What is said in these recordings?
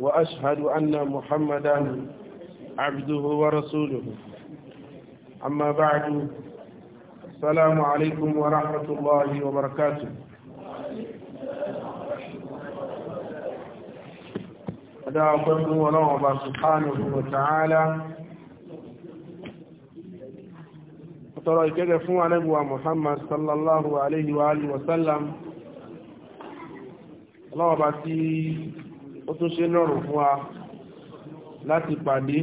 وأشهد أن محمدا عبده ورسوله أما بعد السلام عليكم ورحمة الله وبركاته أدعى قبل ونعبى سبحانه وتعالى tọrọ ìkẹ́gẹ́ fún anẹ́bùwa Muhammad sallallahu alaihi wa alihi wasallam ọlọ́wọ́ bá ó tún ṣe lọ́rùn fún wa láti pàdé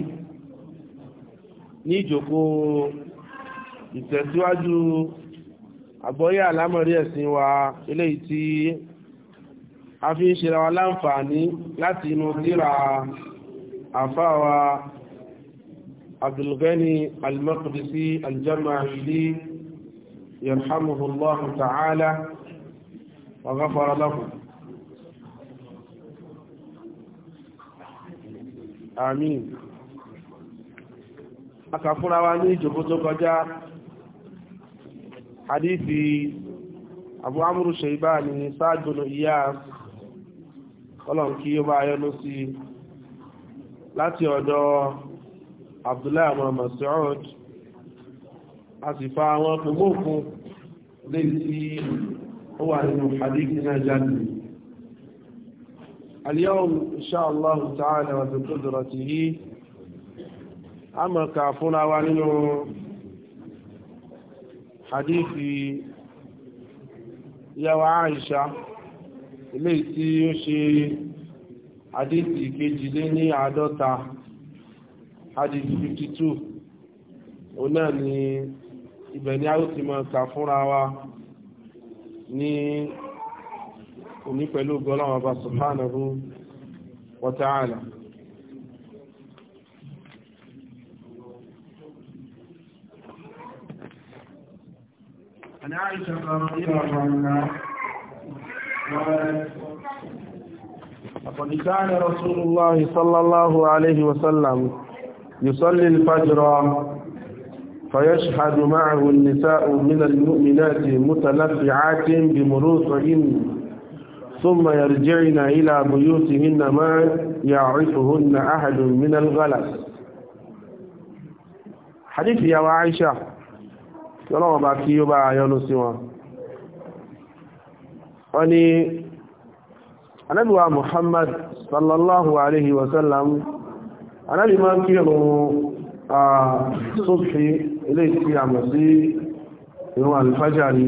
ní ìjòkó ìtẹ̀síwájú àgbọ́yé àlámọ̀rí ẹ̀sìn wa eléyìí tí a fi ń ṣera wa láǹfààní láti inú tírà àfáwa Abdulgani al-Maqdisi al yarhamuhullahu ta'ala wa ghafara lahu àmín akàfúnra wa ní ìjòkó tó kọjá hadithi abu amuru shaibani sáàdùnú ìyá ọlọ́nkí yóò bá ayọ́nú sí láti ọ̀dọ̀ abdullahi muhammad saud a sì fa àwọn pẹ̀lú lè tí ó wà nínú hadithi náà jáde اليوم إن شاء الله تعالى وبقدرته أما كافونا وعنه حديث يا عائشة اللي يشي حديث كجليني عدوتا حديث 52 هنا ni ibẹ̀ ni a ó ti mọ̀ kà wa ní òní pẹ̀lú gọ́lọ́wọ́ bá subhanahu wa ta'ala عائشة رضي الله عنها قالت لقد كان رسول الله صلى الله عليه وسلم يصلي الفجر فيشهد معه النساء من المؤمنات متلفعات بمروطهن ثم يرجعن إلى بيوتهن ما يعرفهن أحد من الغلس حديث يا عائشة lọ́wọ́ bá kí ó bá yọ́nú sí wọn wọ́n ni anábíwá Muhammad sallallahu alaihi wasallam anábí máa kí ẹ̀rùn sófin ilé ìtí àmọ̀ sí ìrún alfajari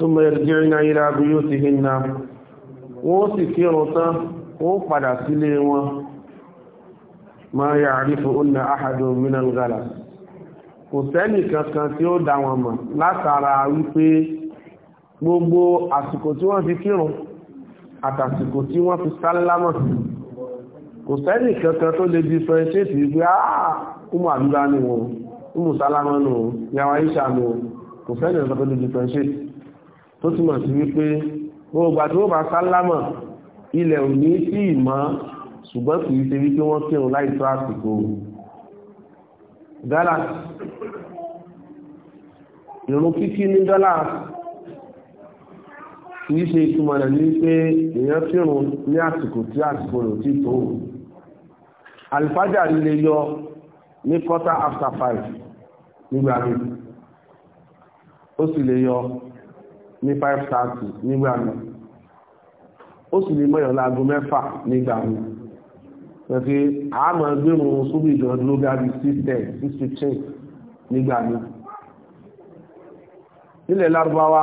súnmọ́ ẹ̀rìndínlẹ́yìn ayíra bí yóò ti hin na wọ́n sì kírun tán wọ́n padà sílé wọn máa yà àrífò ọ̀nà àhàdù mìíràn gàlà kò sẹ́nì kankan tí ó dá wọn mọ̀ látara wípé gbogbo àsìkò tí wọ́n fi kírun àtàsìkò tí wọ́n fi sálámọ̀ kò sẹ́nì kankan tó lè differentiate wípé áà umu àdúrà ni wọn umu sálámọ̀ ni wọn yàwá iṣà ni kò sẹ́nì kankan tó lè differentiate tó túmọ̀ sí wípé gbogbo àti wọ́n bá sálámọ̀ ilẹ̀ ò ní sí ìmọ̀ ṣùgbọ́n kì í ṣe wípé wọ́n kírun láì tó àsìkò dọ́là ìrun kíkí ní dọ́là kì í ṣe ìtumọ̀ rẹ̀ ní pé èèyàn kírun ní àsìkò tí àsìkò rẹ̀ ti tó alifájà lè yọ ní quarter after five nígbà mi ó sì lè yọ ní 5:30 nígbà náà ó sì lè mọ́yàn láago mẹ́fà nígbà náà pẹ̀fẹ́ àmọ́ gbẹ̀rún súnbù ìjọ ló gábi 6:10 6:15 nígbà náà nílẹ̀ lárúbáwá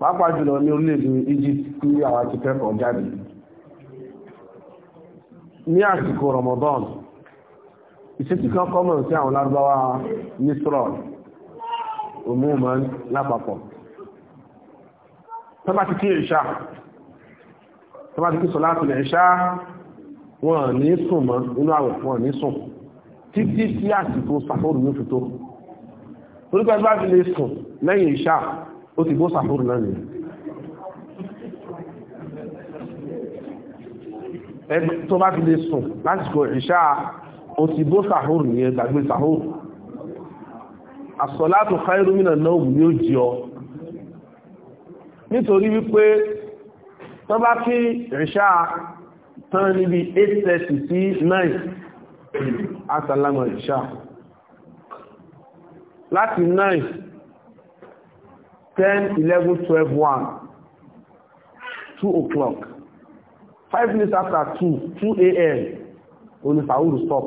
pàápàá jùlọ ní orílẹ̀-èdè Egypt tí àwa ti kẹ́kọ̀ọ́ jáde ní àsìkò Ramadan ìṣẹ́tí kan kọ́mọ̀ sí àwọn lárúbáwá Misrọ̀ òmùmọ̀ lápapọ̀ tọ́bá ti kí ìṣá tọ́bá ti kí sọ láti lẹ̀ ìṣá wọn ní sùn mọ́ inú àwẹ̀ wọn ní sùn títí sí àsìkò sàfóòrù ní fìtó orúkọ ẹgbẹ́ àti lè sùn lẹ́yìn ìṣá ó ti bó sàfóòrù náà nìyẹn ẹgbẹ́ tó bá ti lè sùn lásìkò ìṣá ó ti bó sàfóòrù nìyẹn gbàgbé sàfóòrù àsọ̀látò khairu nítorí wípé tó bá kí ìṣà tán níbi 8:30 sí 9 asàlámà ìṣà láti 9 10 11 12 1 2 o'clock 5 minutes after 2 2 a.m. onífàúrù stop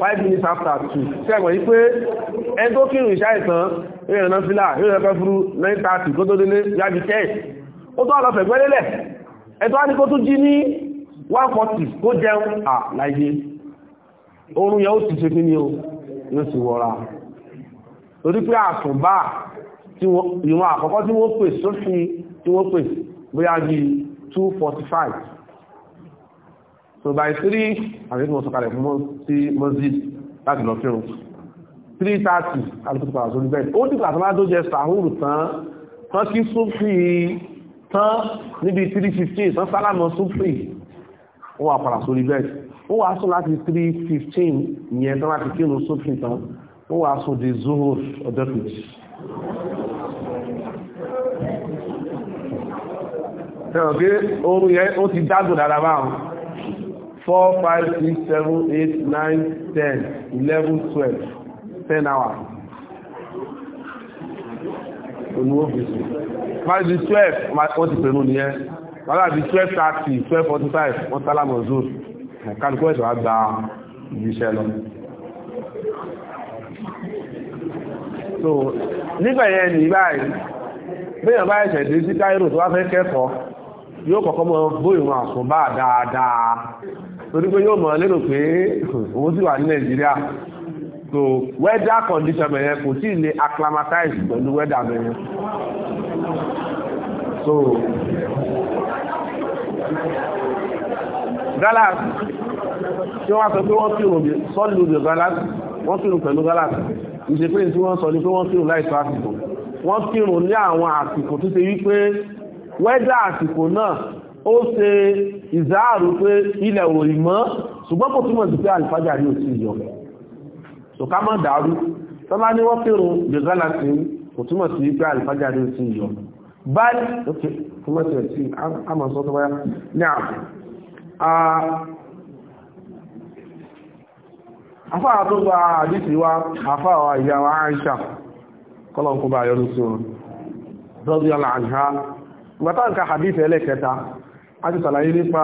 five minutes after two sẹ́gbọ̀n yí pé ẹni tó kírun ìṣá ìtàn eré ìrìnà fílà eré ìrìnà fẹ́fúrú nine thirty kó tó délé yájú church ó tó àlọ́ fẹ̀gbẹ́ lélẹ̀ ẹni tó wá ní kó tún jí ní one forty kó jẹun à láyé oorun yẹn ó ti ṣe kí ni o yóò ti wọra torí pé àtúnbà ìwọ̀n àkọ́kọ́ tí wọ́n pè sófin tí wọ́n pè bóyá bíi two forty five so by three àbíkí mo sọ̀kalẹ̀ fún sí mosjid láti lọ fírun three thirty alùpùpù pàrọ̀ sórí bẹ́ẹ̀ ó dìgbà tó bá tó jẹ sàhúrù tán tán kí súnfì tán níbi three fifteen tán sálámọ súnfì ó wà padà sórí bẹ́ẹ̀ ó wà sùn láti 3:15, fifteen ìyẹn tán láti kírun súnfì tán ó wà sùn di zuhur ọjọ́ kejì. Ṣé o gbé oorun yẹn ó ti dágùn dáadáa báwọn? four five six seven eight nine ten eleven twelve ten hours olùwòbìsì máa di twelve wọ́n ti pẹ̀lú nìyẹn wọ́n ti twelve thirty twelve forty five wọ́n sálámù ọ̀zọ́ kálukú ẹ̀sọ́ wa gba ìbíṣẹ́ lọ. so níbẹ̀ yẹn ní báyìí bẹ́ẹ̀ bá ẹ̀ṣẹ̀ dé sí Cairo tó wá fẹ́ kẹ́kọ̀ọ́ yóò kọ́kọ́ mọ bóyá àsùnbà dáadáa torí pé yóò mọ̀ lérò pé òun sì wà ní nàìjíríà so weather condition bẹ̀rẹ̀ kò tí ì lè acclimatize pẹ̀lú weather bẹ̀rẹ̀ so galas tí wọ́n sọ pé wọ́n tí òun sọ́lù lè galas wọ́n tí òun pẹ̀lú galas ìṣèpé tí wọ́n sọ ní pé wọ́n tí òun láìsọ àsìkò wọ́n tí òun ní àwọn àsìkò tó ṣe wípé weather àsìkò náà ó ṣe ìzáàrù pé ilẹ̀ òrìn mọ́ ṣùgbọ́n kò túnmọ̀ sí pé àlìfájà ní òsì yọ so ká tọ́lá ní wọ́n fèrò jẹ́gálà sí kò túnmọ̀ sí pé àlìfájà ní òsì yọ báyìí ok ọlá nǹkan ẹlẹ́kẹta a ti sàlàyé nípa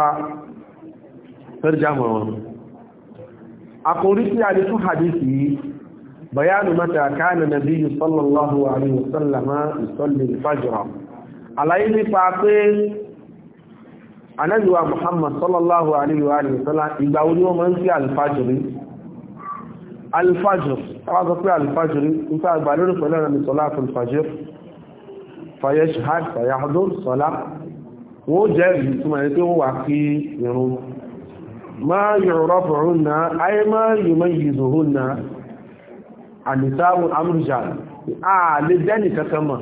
tẹ́rìjámọ̀ wọn àkórí tí a lè tún hadithi yìí bayanu mata kana nabiyyu sallallahu alaihi wasallam yusalli al-fajr àlàyé nípa pé anábíwa muhammad sallallahu alaihi wasallam ìgbà wo ni wọ́n máa ń sí alfajiri alfajir wọ́n sọ pé alfajiri ń sá àgbà pẹ̀lú ẹ̀rọ mi sọ́lá wọ́n jẹ́ ìtumọ̀ ẹni tí ó wà kí irun máa yọ̀rọ̀ fọ̀rún náà ayé máa yìí yìí zòhún náà àdìsáàmù amúrùjà ààlè dẹ́nì kankan mọ̀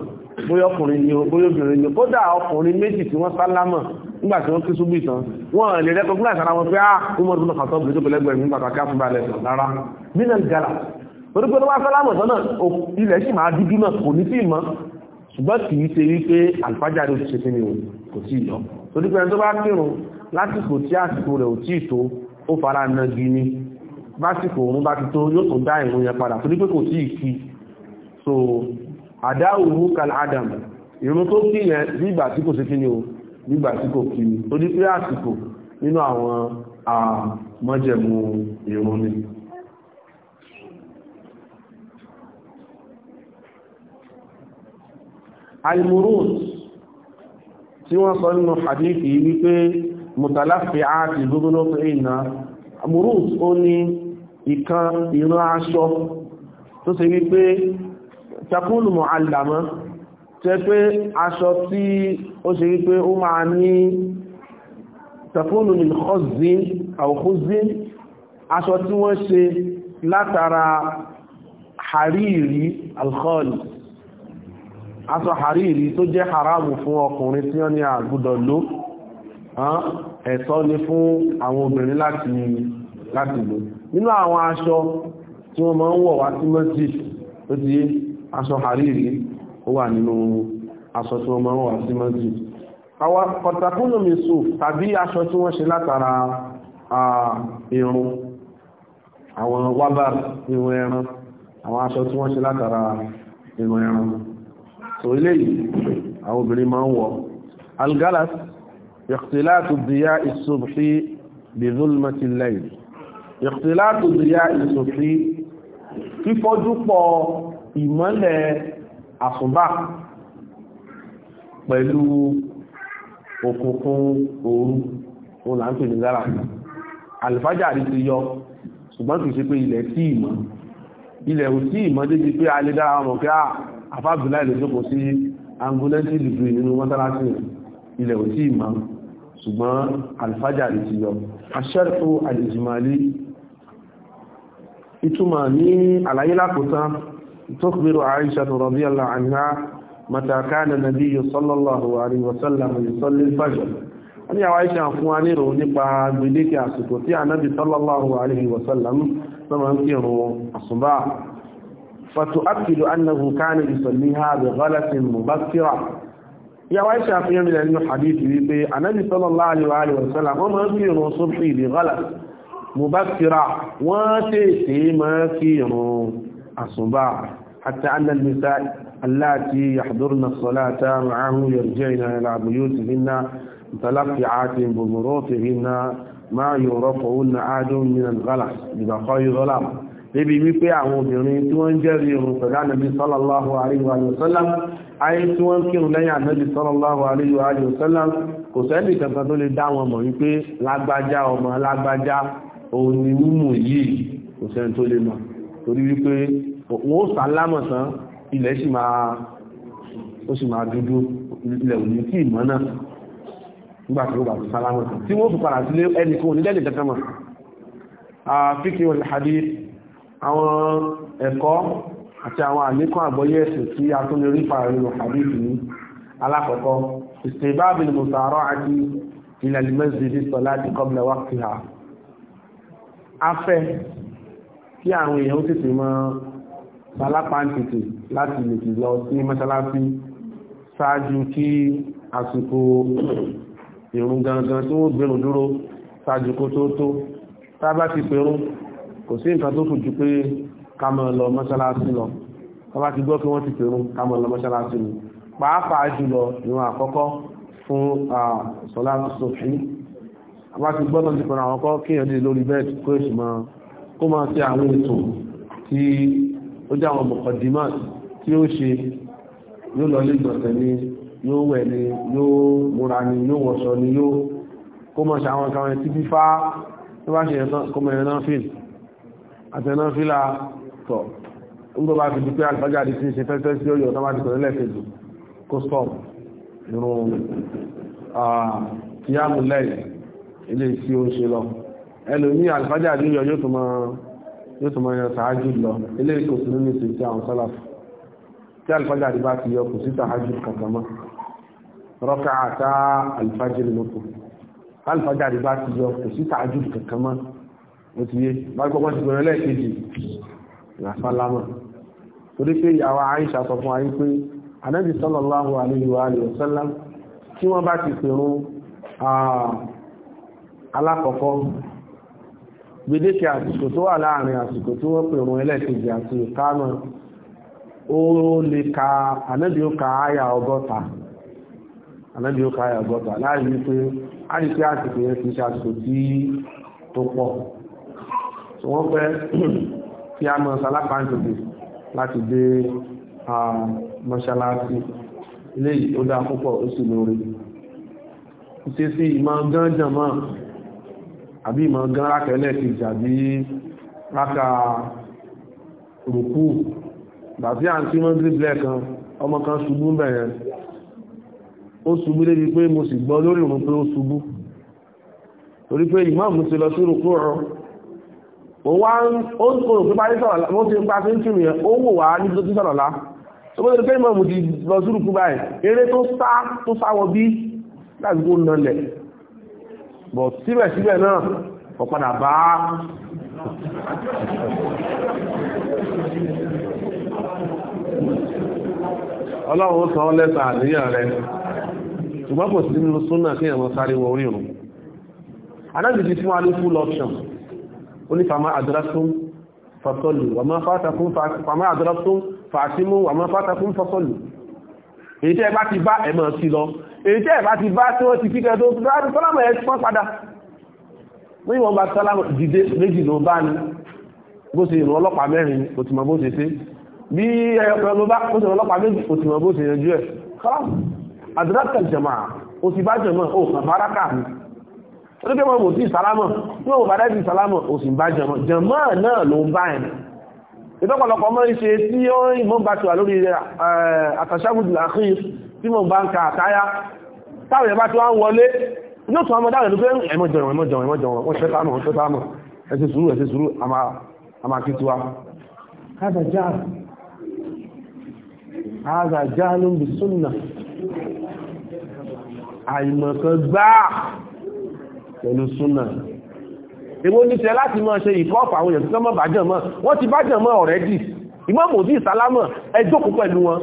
bóyá ọkùnrin ni bóyá obìnrin ni kódà ọkùnrin méjì tí wọ́n sálámọ̀ nígbà tí wọ́n kí súbú ìtàn wọ́n lè rẹ́kọ̀ fún àìsára wọn pé ah, á ó mọ́ ìdúnnà fàtọ́ bìí tó pẹ̀lẹ́gbẹ̀ẹ́ nígbà tó ká fún kò tí yọ torí pé ẹni tó bá kírun lásìkò tí àsìkò rẹ̀ ò tí tó ó fara nagi ni básìkò òun bá ti tó yóò tó dá ìrun yẹn padà torí pé kò tí kí so àdáhùrú kal adam ìrun tó kí yẹn nígbà tí kò sí kí ni o nígbà tí kò kí ni torí pé àsìkò nínú àwọn àmọ́jẹ̀mú ìrun ni almurut tí wọ́n sọ nínú hadithi wípé mutalafi àti gbogbo ìnà amurus ó ní ìkan ìran aṣọ tó ṣe wípé takúlù mọ̀ alàmọ́ tẹ́ pé aṣọ tí ó ṣe wípé ó máa ní takúlù min aṣọ tí wọ́n ṣe látara hariri alkhalis aṣọ hariri tó jẹ́ haramu fún ọkùnrin tí wọ́n ní àgùdọ̀ ló ni fún àwọn obìnrin láti lò nínú àwọn aṣọ tí wọ́n máa ń wọ̀ wá sí masjid ó ti aṣọ hariri ó wà nínú aṣọ tí wọ́n máa ń wọ̀ wá sí masjid àwọn kọ̀tàkùnlù mìsù tàbí aṣọ tí wọ́n ṣe látara irun àwọn wábàr irun ẹran àwọn ẹran so eléyìí àwọn obìnrin máa ń wọ algalas ìkìtìláàtù díyá ìsòfí bí zulmati layl ìkìtìláàtù díyá ìsòfí fífọ́júpọ̀ ìmọ́lẹ̀ àsùnbà pẹ̀lú òkùnkùn òru òun là ń pè ní galas alifájà rí ti yọ ṣùgbọ́n kìí ṣe pé ilẹ̀ tí ìmọ̀ ilẹ̀ ò tí ìmọ̀ débi pé a lè dára wọn àfáàbùlá ìlòsókò sí angolẹ́sì lùgbì nínú mọ́sálásí ilẹ̀ ò tí ìmá ṣùgbọ́n alfájà rí ti yọ aṣẹ́rẹ̀kú alìjìmàlì ìtumọ̀ ní àlàyé lákòótán tó kúrò Aisha radiyallahu anha mata kana nabiyyu sallallahu alaihi wasallam yusalli al-fajr wọ́n ni àwọn Aisha fún wa nírò nípa gbèdéke àsìkò tí ànábì sallallahu alaihi wasallam sọ́mọ́ ń kírun àsùbá فتؤكد أنه كان يصليها بغلة مبكرة يا عائشة في من الحديث بيبي النبي صلى الله عليه وآله وسلم وما في الصبح بغلة مبكرة وتيتي ما في الصباح حتى أن النساء اللاتي يحضرن الصلاة معه يرجعن إلى بيوتهن متلقعات بمروطهن ما يرفعن عاد من الغلس ببقاء غلام débi wípé àwọn obìnrin tí wọ́n ń jẹ́rí irun pẹ̀lú ànàbí sallallahu alayhi wa sallam ayé tí wọ́n ń kírun lẹ́yìn ànàbí sallallahu alayhi wa sallam kò sẹ́lì kankan tó lè dá wọn mọ̀ wípé lágbájá ọmọ lágbájá òun ni wúmù yìí kò sẹ́ni tó lè mọ̀ torí wípé wọ́n ó sálámọ̀sán ilẹ̀ sì àwọn ẹ̀kọ́ àti àwọn àlékún àgbọ́yé ẹ̀sìn tí a tún lè rí parí lọ hadith ní alákọ̀ọ́kọ́ istibabil musara'ati ila al-masjid as-salati qabla waqtiha afẹ́ kí àwọn èèyàn tètè mọ́ sálápáǹtìtì láti lè ti lọ sí mọ́sálásí ṣáájú kí àsìkò ìrun gangan tí wọ́n gbẹ̀rùn dúró ṣáájú kó tó tó tábà ti pẹ̀rún kò sí nǹkan tó kù ju pé ká máa lọ mọ́ṣáláṣí lọ tó bá ti gbọ́ pé wọ́n ti pèrún ká máa lọ ni pàápàá jùlọ ìwọ̀n àkọ́kọ́ fún sọ́lá sọ́fí wá ti gbọ́nà kó èsì sí àwọn ètò tí ni yóò wẹ̀ ni yóò múra ni yóò wọṣọ ni yóò kó máa ṣe àwọn ìkàwọn tí fífá tó bá ṣe yẹn kó máa yẹn náà fíìmù àtẹ̀nà fílà tọ̀ nígbà bá fi di pé àlùfájà àti tí ń ṣe fẹ́fẹ́ sí ọyọ̀ tọ́wá ti sọ̀rọ̀ lẹ́ẹ̀kejì kó stop irun kíámù lẹ́yìn ilé tí ó ṣe lọ ẹlòmí àlùfájà àti ìyọ̀ yóò tún máa yan sàájú lọ ilé kò sí nínú ìsìn tí àwọn sálàfù tí àlùfájà àti bá ti yọ kò sí sàájú kankan mọ́ rọ́kà àtà àlùfájà lóko àlùfájà àti bá ti yọ kò sí sàájú kankan mọ́ ó ti yé bá gbọ́gbọ́ ti bẹ̀rẹ̀ lẹ́ẹ̀kejì ìràsálámà torí pé ìyàwó àìṣà sọ fún ayé pé anábì sallallahu alaihi wa alihi wasallam tí wọ́n bá ti pèrún alákọ̀ọ́kọ́ gbèdéke àsìkò tó wà láàrin àsìkò tí wọ́n pèrún ẹlẹ́ẹ̀kejì àti ìkámà ó lè ka anábì ó ka àyà ọgọ́ta anábì ó tó pọ̀ tí wọ́n fẹ́ kí a mọ̀ sálápàǹtòdì láti dé mọ́ṣáláṣí eléyìí ó dáa púpọ̀ ó sì lóore ṣe sí ìmọ̀ gán jàmọ́ àbí ìmọ̀ gán rákẹ́lẹ̀ kejì àbí ráka rùkú gbàtí à ń tí wọ́n dìbìlẹ̀ kan ọmọ kan ṣubú bẹ̀rẹ̀ ó ṣubú débi pé mo sì gbọ́ lórí òun pé ó ṣubú torí pé ìmáàmù ti lọ sí rùkú ọ̀rọ̀ ó wá ń ó ń kòrò pé parí sọ̀rọ̀ wọ́n ti ń pa sí ń tìrì yẹn ó wò wá ní tó ti sọ̀rọ̀ lá tó bọ́dọ̀ pé ìmọ̀mù ti lọ sí rúkú báyìí eré tó sá tó sáwọ bí láti kó nalẹ̀ bọ̀ síbẹ̀síbẹ̀ náà kò padà bá ọlọ́run sọ lẹ́sà àníyàn rẹ̀ ṣùgbọ́n kò sí nínú súnà kí ẹ̀wọ̀n sáré wọ orí òun oní fàmà àdúrásún fàsọ́lù wà máa fàtàkùn fàtímú wà máa fàtàkùn fàsọ́lù èyí tẹ́ bá ti bá ẹ̀mọ̀ sí lọ èyí tẹ́ bá ti bá tí wọ́n ti kíkẹ́ tó sálámà ẹ̀ pọ́n padà wọ́n yíwọ́n bá sálámà dìde méjì ló bá ní bó ṣe ìrùn ọlọ́pàá mẹ́rin kò tìmọ̀ bó ṣe ṣe bí ẹ̀yọ̀kan ló bá ó ṣe ọlọ́pàá méjì kò tìmọ̀ bó ṣe yanjú ẹ̀ kọ́lá àdúrà tẹ̀jẹ̀mà ó ti torí pé mọ́bò tí ìsàlámọ̀ ní òwò bàdá ìsàlámọ̀ òsì bá jẹmọ̀ jẹmọ̀ náà ló ń bá ẹ̀nà ìtọ́pọ̀lọpọ̀ mọ́ ṣe tí ó ń mọ́ bá ti wà lórí àtàṣàgùdì àkíyàn tí mọ́ bá ń ka àtáyá táwọn ẹ̀bá tí wọ́n wọlé yóò tún ọmọdé àwọn ẹ̀mọ́ jẹun ẹ̀mọ́ jẹun ẹ̀mọ́ jẹun wọ́n ṣẹ́ta mọ̀ ṣẹ́ta mọ̀ ẹ̀sẹ̀ sùúrù ẹ̀sẹ̀ sùúrù àmà kí tiwa hádà jáàlùm bí súnnà àìmọ̀kan gbáà pẹ̀lú súnà èwo ní ṣe láti mọ́ ṣe ìkọ́ọ̀fà àwọn èèyàn tí wọ́n mọ́ bàjẹ́ mọ́ wọ́n ti bàjẹ́ mọ́ ọ̀rẹ́dì ìmọ́mù òdí ìsálámọ̀ ẹ jókòó pẹ̀lú wọn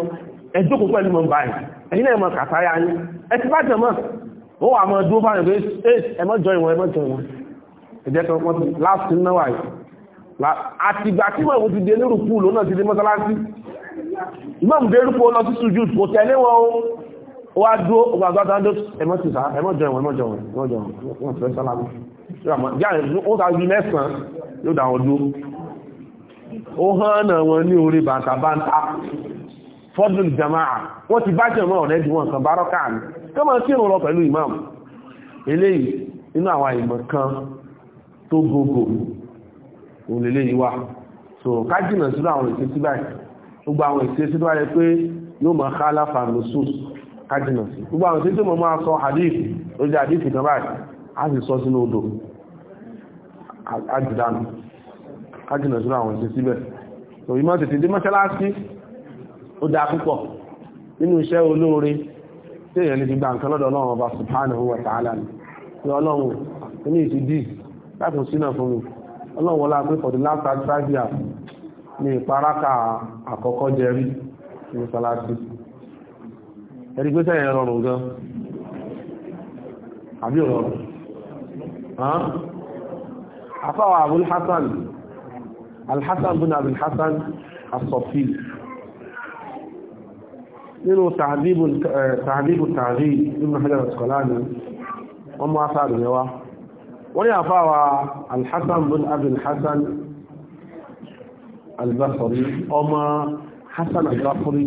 ẹ jókòó pẹ̀lú wọn báyìí ẹ̀yin náà mọ̀ kàtàyà ní ẹ ti bàjẹ́ mọ́ ó wà mọ́ dúró fáwọn ẹgbẹ́ ẹ mọ́ jọ ìwọ̀n ẹ mọ́ jọ ìwọ̀n ẹ̀jẹ̀ kan pọ́n láti wá dúró gbàgbàtà dó ẹmọ́ ti sá ẹmọ́ jọ ẹ̀wọ̀n ẹmọ́ jọ ẹ̀wọ̀n ẹmọ́ jọ ẹ̀wọ̀n wọ́n ti fẹ́ sálámù jáde ó ta ju mẹ́sàn-án yóò dà wọ́n dúró ó hàn náà wọn ní orí bàtà bá ń ta fọ́dún jama'a wọ́n ti bá jẹ̀mọ́ ọ̀rẹ́ ju wọn kan bárọ́kà ní tó máa imam eléyìí inú àwọn ìmọ̀ kan tó gbogbo òun lélẹ́yìí wá so kájìnà sílò àwọn ìṣesí báyìí gbogbo àwọn ìṣesí tó wáyé pé yóò máa ká aláfààní sóòsù kájìnà sí gbogbo àwọn tí tí mo máa sọ hadith ló jẹ́ hadith kan báyìí a sì odò sí àwọn síbẹ̀ so ìmọ̀ tètè dé o ó dá púpọ̀ nínú iṣẹ́ olóore tí èèyàn lè gba nǹkan lọ́dọ̀ ọlọ́run ọba pé ọlọ́run ìtì dì láti sínà fún mi ọlọ́run wọlá pé for the ẹni gbé sẹ́yìn rọrùn gan àbí rọrùn afáwà abúl hassan alhassan bin abúl hassan asọ̀fí nínú tàbíbù tàbí nínú hajjar askolani wọ́n máa sáàrù yẹwa wọ́n ni àfáwà alhassan bin abúl hassan albasari ọmọ hassan albasari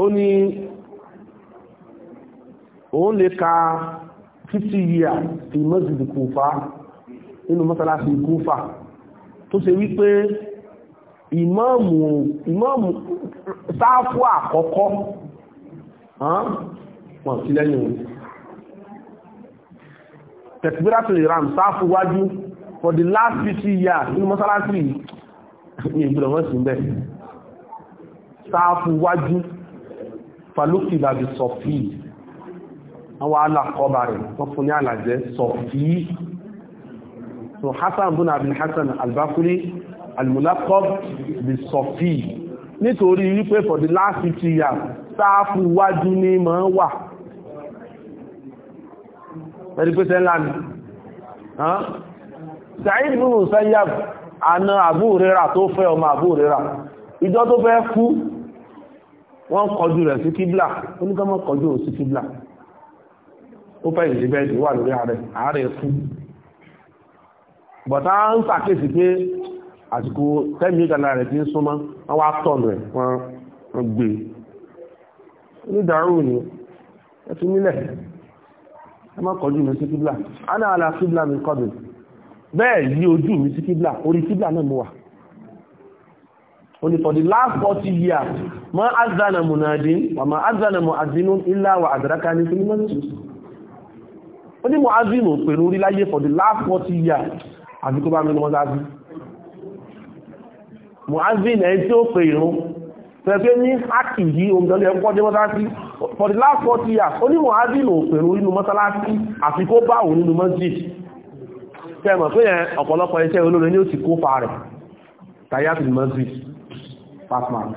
ó ní òun lè ka 50 years fi mọ́sílì kúfà nínú mọ́sálásí kúfà tó ṣe wípé ìmáàmù ìmáàmù sáfù àkọ́kọ́ wọ́n sí lẹ́yìn òun tẹ̀kìbíratì ìran sáfù wájú for the last 50 years nínú mọ́sálásí ìgbìlọ̀wọ́sí bẹ́ẹ̀ sáfù wájú falókì ìbàbí sọ̀fí àwọn alàkọba rẹ̀ wọ́n fún ní àlàjẹ́ sọ̀fí so hassan bin abin hassan albakuri almulakab bi sọ̀fí nítorí wípé for the last 50 years sáàfù wájú ní mọ́ wà pẹ̀lú pẹ́sẹ̀ ńlá ni Sa'id bin Musayyab àna Abu Hurairah tó fẹ́ ọmọ Abu Hurairah ìjọ tó fẹ́ kú wọ́n kọjú rẹ̀ sí kíblà oníkọ́mọ́ kọjú ò sí kíblà ó fẹ́ ìrìnlẹ́bẹ̀ẹ́dì wà lórí ààrẹ ààrẹ fún bọ̀tá ń sàkéèsì pé àsìkò tẹ́mì ìgbàlá rẹ̀ ti ń súnmọ́ wọ́n wá tọ̀nù ẹ̀ wọ́n gbé e. onídàárù ni ẹ ti nílẹ̀ ẹ má kọjú mi sí kíblà á náà la kíblà mi kọjú bẹ́ẹ̀ yí ojú mi sí kíblà orí kíblà náà mo wà only for the last 40 years ma azana munadin wa ma azana muazzinun illa wa adrakani fil masjid oni muazzinu pe ori láyé for the last 40 years àbí kó bá mi wọ́n sabi muazzin en tí ó pe ìrun pe pe ni haki yi o ndo le ko de mọ́sálásí for the last 40 years oni muazzinu pe ori nu mọ́sálásí àfi kó bá o nínú masjid se mo pe yẹn ọ̀pọ̀lọpọ̀ iṣẹ́ olóore ni ó ti kó fa rẹ̀ tayatul masjid pass mark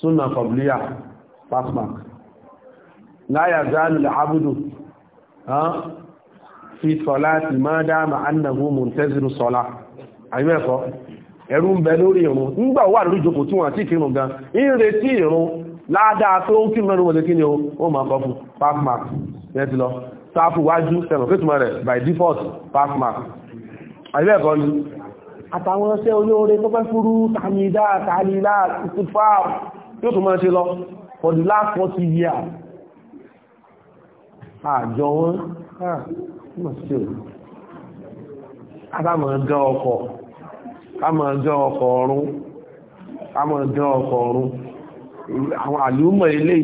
sunna qabliya pass mark la yazalu al-abdu ha fi salati ma dama annahu muntaziru salah ayibe ko ẹ̀rù ń bẹ lórí ìrun nígbà wà lórí ìjókòó tí wọ́n gan in retí ìrun láadáa pé ó o lọ wájú sẹ̀rọ̀ pé túmọ̀ by default pass mark àìbẹ́ẹ̀kọ́ àtàwọn ọṣẹ́ olóore tó pẹ́ fúrú tàmìdá tààlìlá ìtùfà yóò tún máa ṣe lọ for the last 40 years àjọ wọn mọ̀ sí o àtàmọ̀ ọjọ́ ọkọ̀ àmọ̀ ọjọ́ ọkọ̀ ọ̀run àmọ̀ ọjọ́ ọkọ̀ ọ̀run àwọn àlúmọ̀ ilé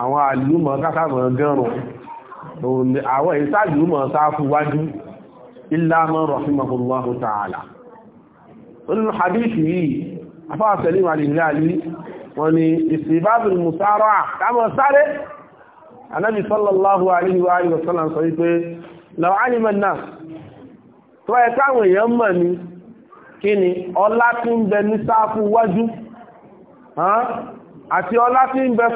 àwọn àlúmọ̀ kátàmọ̀ gẹ́rùn àwọn ìsáàlúmọ̀ sáà fúwájú ìlàmọ̀ rahimahullahu ta'ala onínú hadith yìí afáà Salim al-Hilali wọ́n ni istihbabul musara'a kámọ̀ sáré anábi sallallahu alaihi wa alihi wa sallam sọ wípé law alima an-nas tó ẹ káwọn èèyàn mọ̀ ní kí ni ọlá tí ń bẹ ní sáàfù wájú àti ọlá tí ń bẹ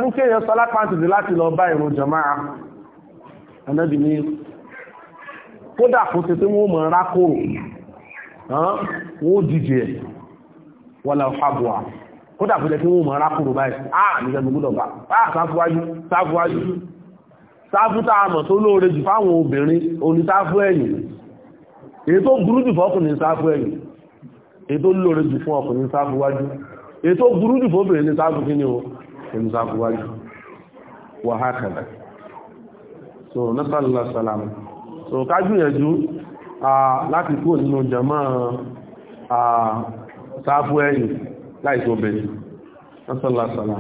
mọ̀ rákòrò wọ́n dìjẹ̀ wọ́n lọ fàbọ̀ à kódà kó jẹ́ kí wọ́n mọ̀ arákùnrin báyìí àà nígbà gbogbo bá àà sáfúwájú sáfúwájú sáfú tá a mọ̀ tó lóore jù fáwọn obìnrin oní sáfú ẹ̀yìn èyí tó burú jù fọ́kùnrin sáfú ẹ̀yìn èyí tó lóore jù fún ọkùnrin sáfú wájú èyí tó burú jù fóbìnrin ní sáfú kí ni o ní sáfú wájú salam so kájú yẹn ju láti kúrò nínú jàmá sáfú ẹ̀yìn láìsí obìnrin sọ́lọ́sọ́lá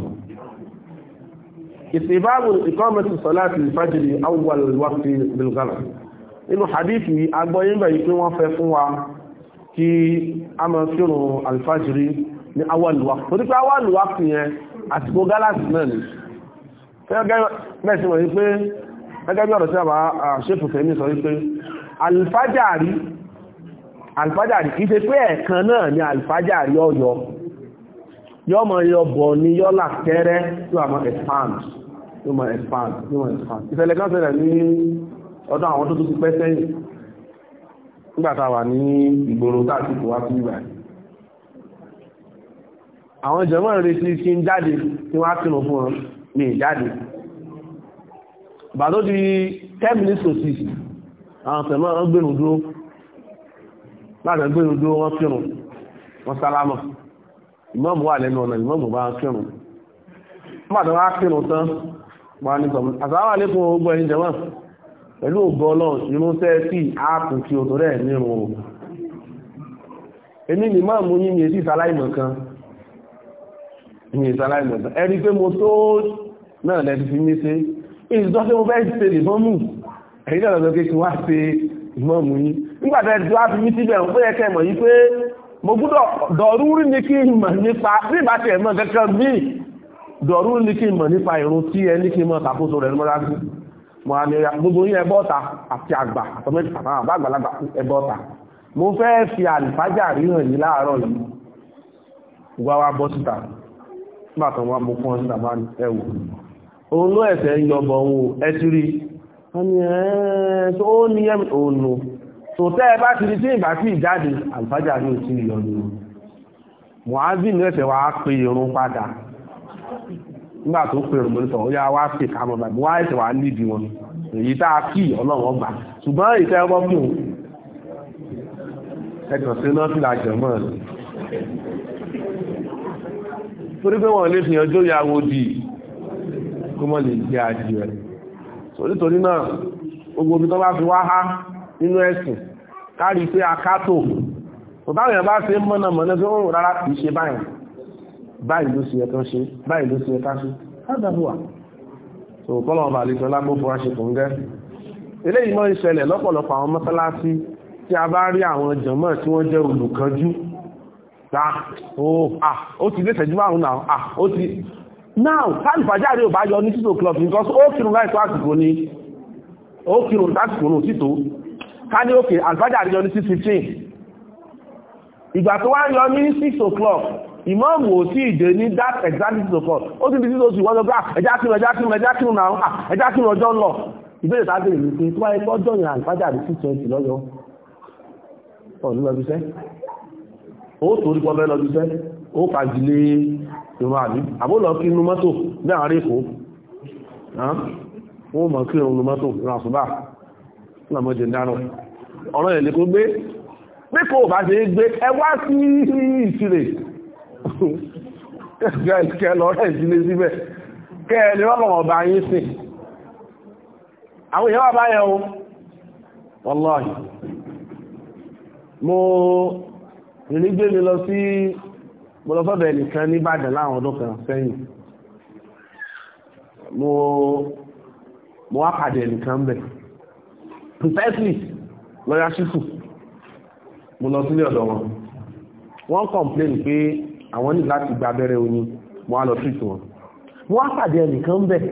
ìsìbáàbù ìkọ́mẹ̀tì sọ́láti ìfàjìrì awwal waqti bilgala nínú hadithi agbọ́yìnbà yìí pé wọ́n fẹ́ fún wa kí a mọ̀ fírùn alfàjìrì ní awwal waqti torí pé awwal waqti yẹn àsìkò gálàsì náà ni gẹ́gẹ́ bí ọ̀rọ̀ sí àbá ṣépùfẹ́ ní sọ wípé alfajari alfajari kìí ṣe pé ẹ̀kan náà ni alfajari ọyọ yọ́ mọ̀ yọ bọ̀ ní yọ́là kẹ́rẹ́ tó àmọ́ expand tó mọ̀ expand tó mọ̀ expand ìfẹ́lẹ̀ kan ṣẹlẹ̀ ní ọdún àwọn tó tó ti pẹ́ sẹ́yìn nígbàtà wà ní ìgboro tàbíkò wá sí ìgbà àwọn jẹmọ́ ìrètí kí ń jáde tí wọ́n á kínú fún wọn ní ìjáde bàtó di 10 minutes to 6 àwọn sẹ̀mọ́ wọ́n gbẹ̀rù dúró láti gbẹ̀rù dúró wọ́n kírun wọ́n sálámà ìmáàmù wà lẹ́nu ọ̀nà ìmáàmù bá kírun pàdé wá kírun tán wà ní sọ̀mù àsáwà lẹ́kùn ogun ẹ̀yìn jẹ́mọ́ pẹ̀lú ògbọ́ ọlọ́run irun tẹ́ sí ààpù kí o tó rẹ̀ nírun o ni máàmù yín ni èsì ìsáláìmọ̀ kan ní ìsáláìmọ̀ kan ẹni pé mo tó náà lẹ́ti fi mí ṣe ìsìtọ́ tí mo ẹ̀yìn náà lọ́dọ̀ kéèkì wá ṣe ìmọ̀mù yìí nígbàtà ẹ̀dì wá fi mí síbẹ̀ ń pé ẹ̀kẹ́ mọ̀ yìí pé mo gbúdọ̀ dọ̀rúurú ni kí n mọ̀ nípa bí ìbá tiẹ̀ mọ̀ kankan mí dọ̀rúurú ni kí n mọ̀ nípa ìrun tí ẹ ní kí n mọ̀ ṣàkóso rẹ̀ lọ́dọ̀ sí mo àmì gbogbo yín ẹbọ́ ta àti àgbà àtọ́mẹ́tì àbá wọ́n ni nígbà tó pe irun ó yá wá pè ká mọ́ wá ẹsẹ̀ wàá wọn èyí tá a kí ọlọ́run ọgbà ṣùgbọ́n ìtẹ́ ọgbọ́n kí òun sí náà fìlà jẹ̀mọ́ rẹ̀ torí pé wọ́n lè fi ọjọ́ ìyàwó di nítorí náà gbogbo ibi tó bá fi wá há nínú ẹ̀sìn kárí pé akátò báyìí bá ṣe mọ́nà mọ́nà tó ń rárá kìí ṣe báyìí báyìí ló ṣe ẹ̀tọ́ ṣe báyìí ló ṣe ẹ̀ká ṣe so kọ́lọ̀ ọba àlejò lágbófo wá ṣe fún gẹ́ eléyìí mọ́ ìṣẹ̀lẹ̀ lọ́pọ̀lọpọ̀ àwọn mọ́sálásí tí a bá rí àwọn jọ̀mọ́ tí wọ́n jẹ́ olùkanjú ta ó ti lé tẹ̀jú now táàlì fàjáre ò bá yọ ní títò club because ó kírun láìsọ àsìkò ní ó kírun lásìkò ní títò ká ní òkè àlfàjáre yọ ní 6:15 ìgbà tó wá yọ ní 6 o'clock Imam ò sí ìdè ní that exactly 6 o'clock ó ti bí títò sí wọ́n lọ́gbà ẹjá kírun ẹjá kírun ẹjá kírun náà ẹjá kírun ọjọ́ ń lọ ìbéèrè tábìlì ní pé tó wáyé pọ́jọ́ yẹn àlfàjáre 6:20 lọ́yọ́ ọ̀nà lọ́dúnṣẹ́ ó torí pọ́ bẹ́ẹ̀ lọ́dúnṣẹ́ ó fagilé ìrún àbí àbólọ̀ kí inú mọ́tò láàrin èkó wọ́n mọ̀ kí ìrún mọ́tò ìrún àṣùbà lọ́mọdé dáná ọ̀rọ̀ ẹ̀lẹ́ kó gbé pé kò bá ṣe gbé ẹwà sí ìṣirè kẹ lọ rẹ̀ ìdílé síbẹ̀ kẹ ẹni ọlọ́wọ̀ bá yín sìn àwọn èèyàn wà báyẹ̀ o wallahi mo ìrìn gbé mi lọ sí mo lọ sọ́dọ̀ ẹnìkan ní Ìbàdàn láwọn ọdún kan sẹ́yìn mo mo wá pàdé ẹnìkan bẹ̀ precisely lọ́yà ṣífù mo lọ sílé ọ̀dọ̀ wọn wọ́n complain pé àwọn ní láti gba abẹ́rẹ́ oyin mo wá lọ treat wọn mo wá pàdé ẹnìkan bẹ̀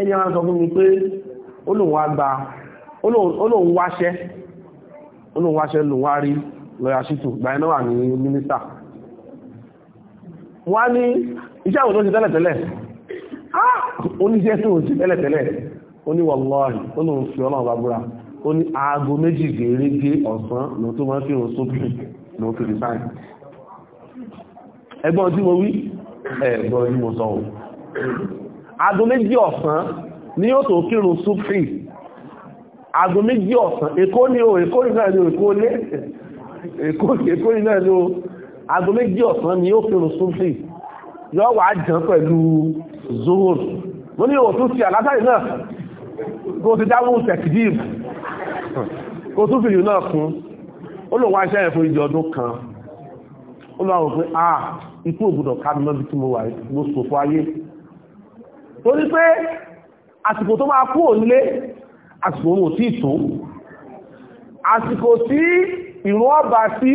ẹni àwọn sọ fún mi pé olóhùn wá gba olóhùn wáṣẹ́ olóhùn wáṣẹ́ lòun wá rí lọ́yà ṣífù gbàyẹn náà wà ní mínísítà wá ní iṣẹ́ àwọn tó ti tẹ́lẹ̀ tẹ́lẹ̀ oníṣẹ́ tó ti tẹ́lẹ̀ tẹ́lẹ̀ ó ní wàlláhì ó lóun fi ọlọ́run bá búra ó ní aago méjì gèrègé ọ̀sán ló tó máa ń fi hàn sókè ló fi rí sáì ẹgbọ́n tí mo wí ẹ̀gbọ́n tí mo sọ ohun aago méjì ọ̀sán ni yóò tó kírun súfì aago méjì ọ̀sán èkó ni o èkó ni náà ni o èkó lé èkó ni náà aago méjì ọ̀sán ni ó fèrò súnfì yọ wà á jàn pẹ̀lú zohor mo ní òtún ti àlátàrí náà kó ti dáwó tẹ̀kìdìr kó tún fìlú náà kún ó lò wá iṣẹ́ yẹn fún ìjọ ọdún kan ó lọ àwọn pé a ikú ògbùdọ̀ kámi mọ́bí tí mo wà mo sòfò ayé torí pé àsìkò tó máa kú ònílé àsìkò òun ò tí ì tó àsìkò tí ìrún ọba sí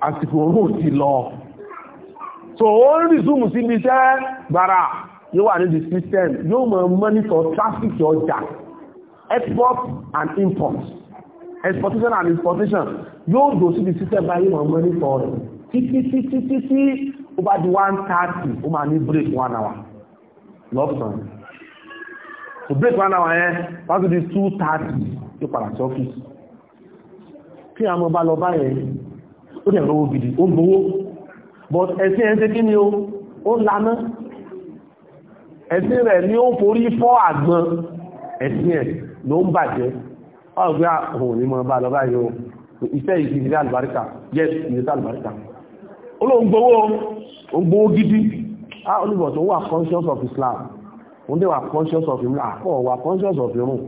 àsìkò òun ti lọ so ó ń rí zoom sí ibi iṣẹ́ gbàrà yóò wà ní the system yóò mọ̀ monitor traffic ọjà export and import exportation and importation yóò dò sí the system báyìí mọ̀ monitor rẹ̀ títí títí títí ó bá di one thirty ó máa ní break one hour lọ́sàn-án so break one hour yẹn wọ́n ti di two thirty yóò padà sí ọ́fíìsì kí àwọn ọba lọ báyẹn ó dẹ̀ lówó gidi ó gbowó but ẹ̀sìn ẹ̀sìn kí ni o ó laná ẹ̀sìn rẹ̀ ni ó forí fọ́ àgbọn ẹ̀sìn ẹ̀ ló ń bàjẹ́ ọgbẹ́ àwọn ah, òní mọ́ bá lọ báyìí o iṣẹ́ ìgbìyànjú àlùbáríkà yes ìgbìyànjú àlùbáríkà olóògbówó ògbówó gidi ah olùbọ̀ tó wà conscious of Islam wọ́n dẹ̀ wà conscious of Islam àkọ́ wà conscious of irun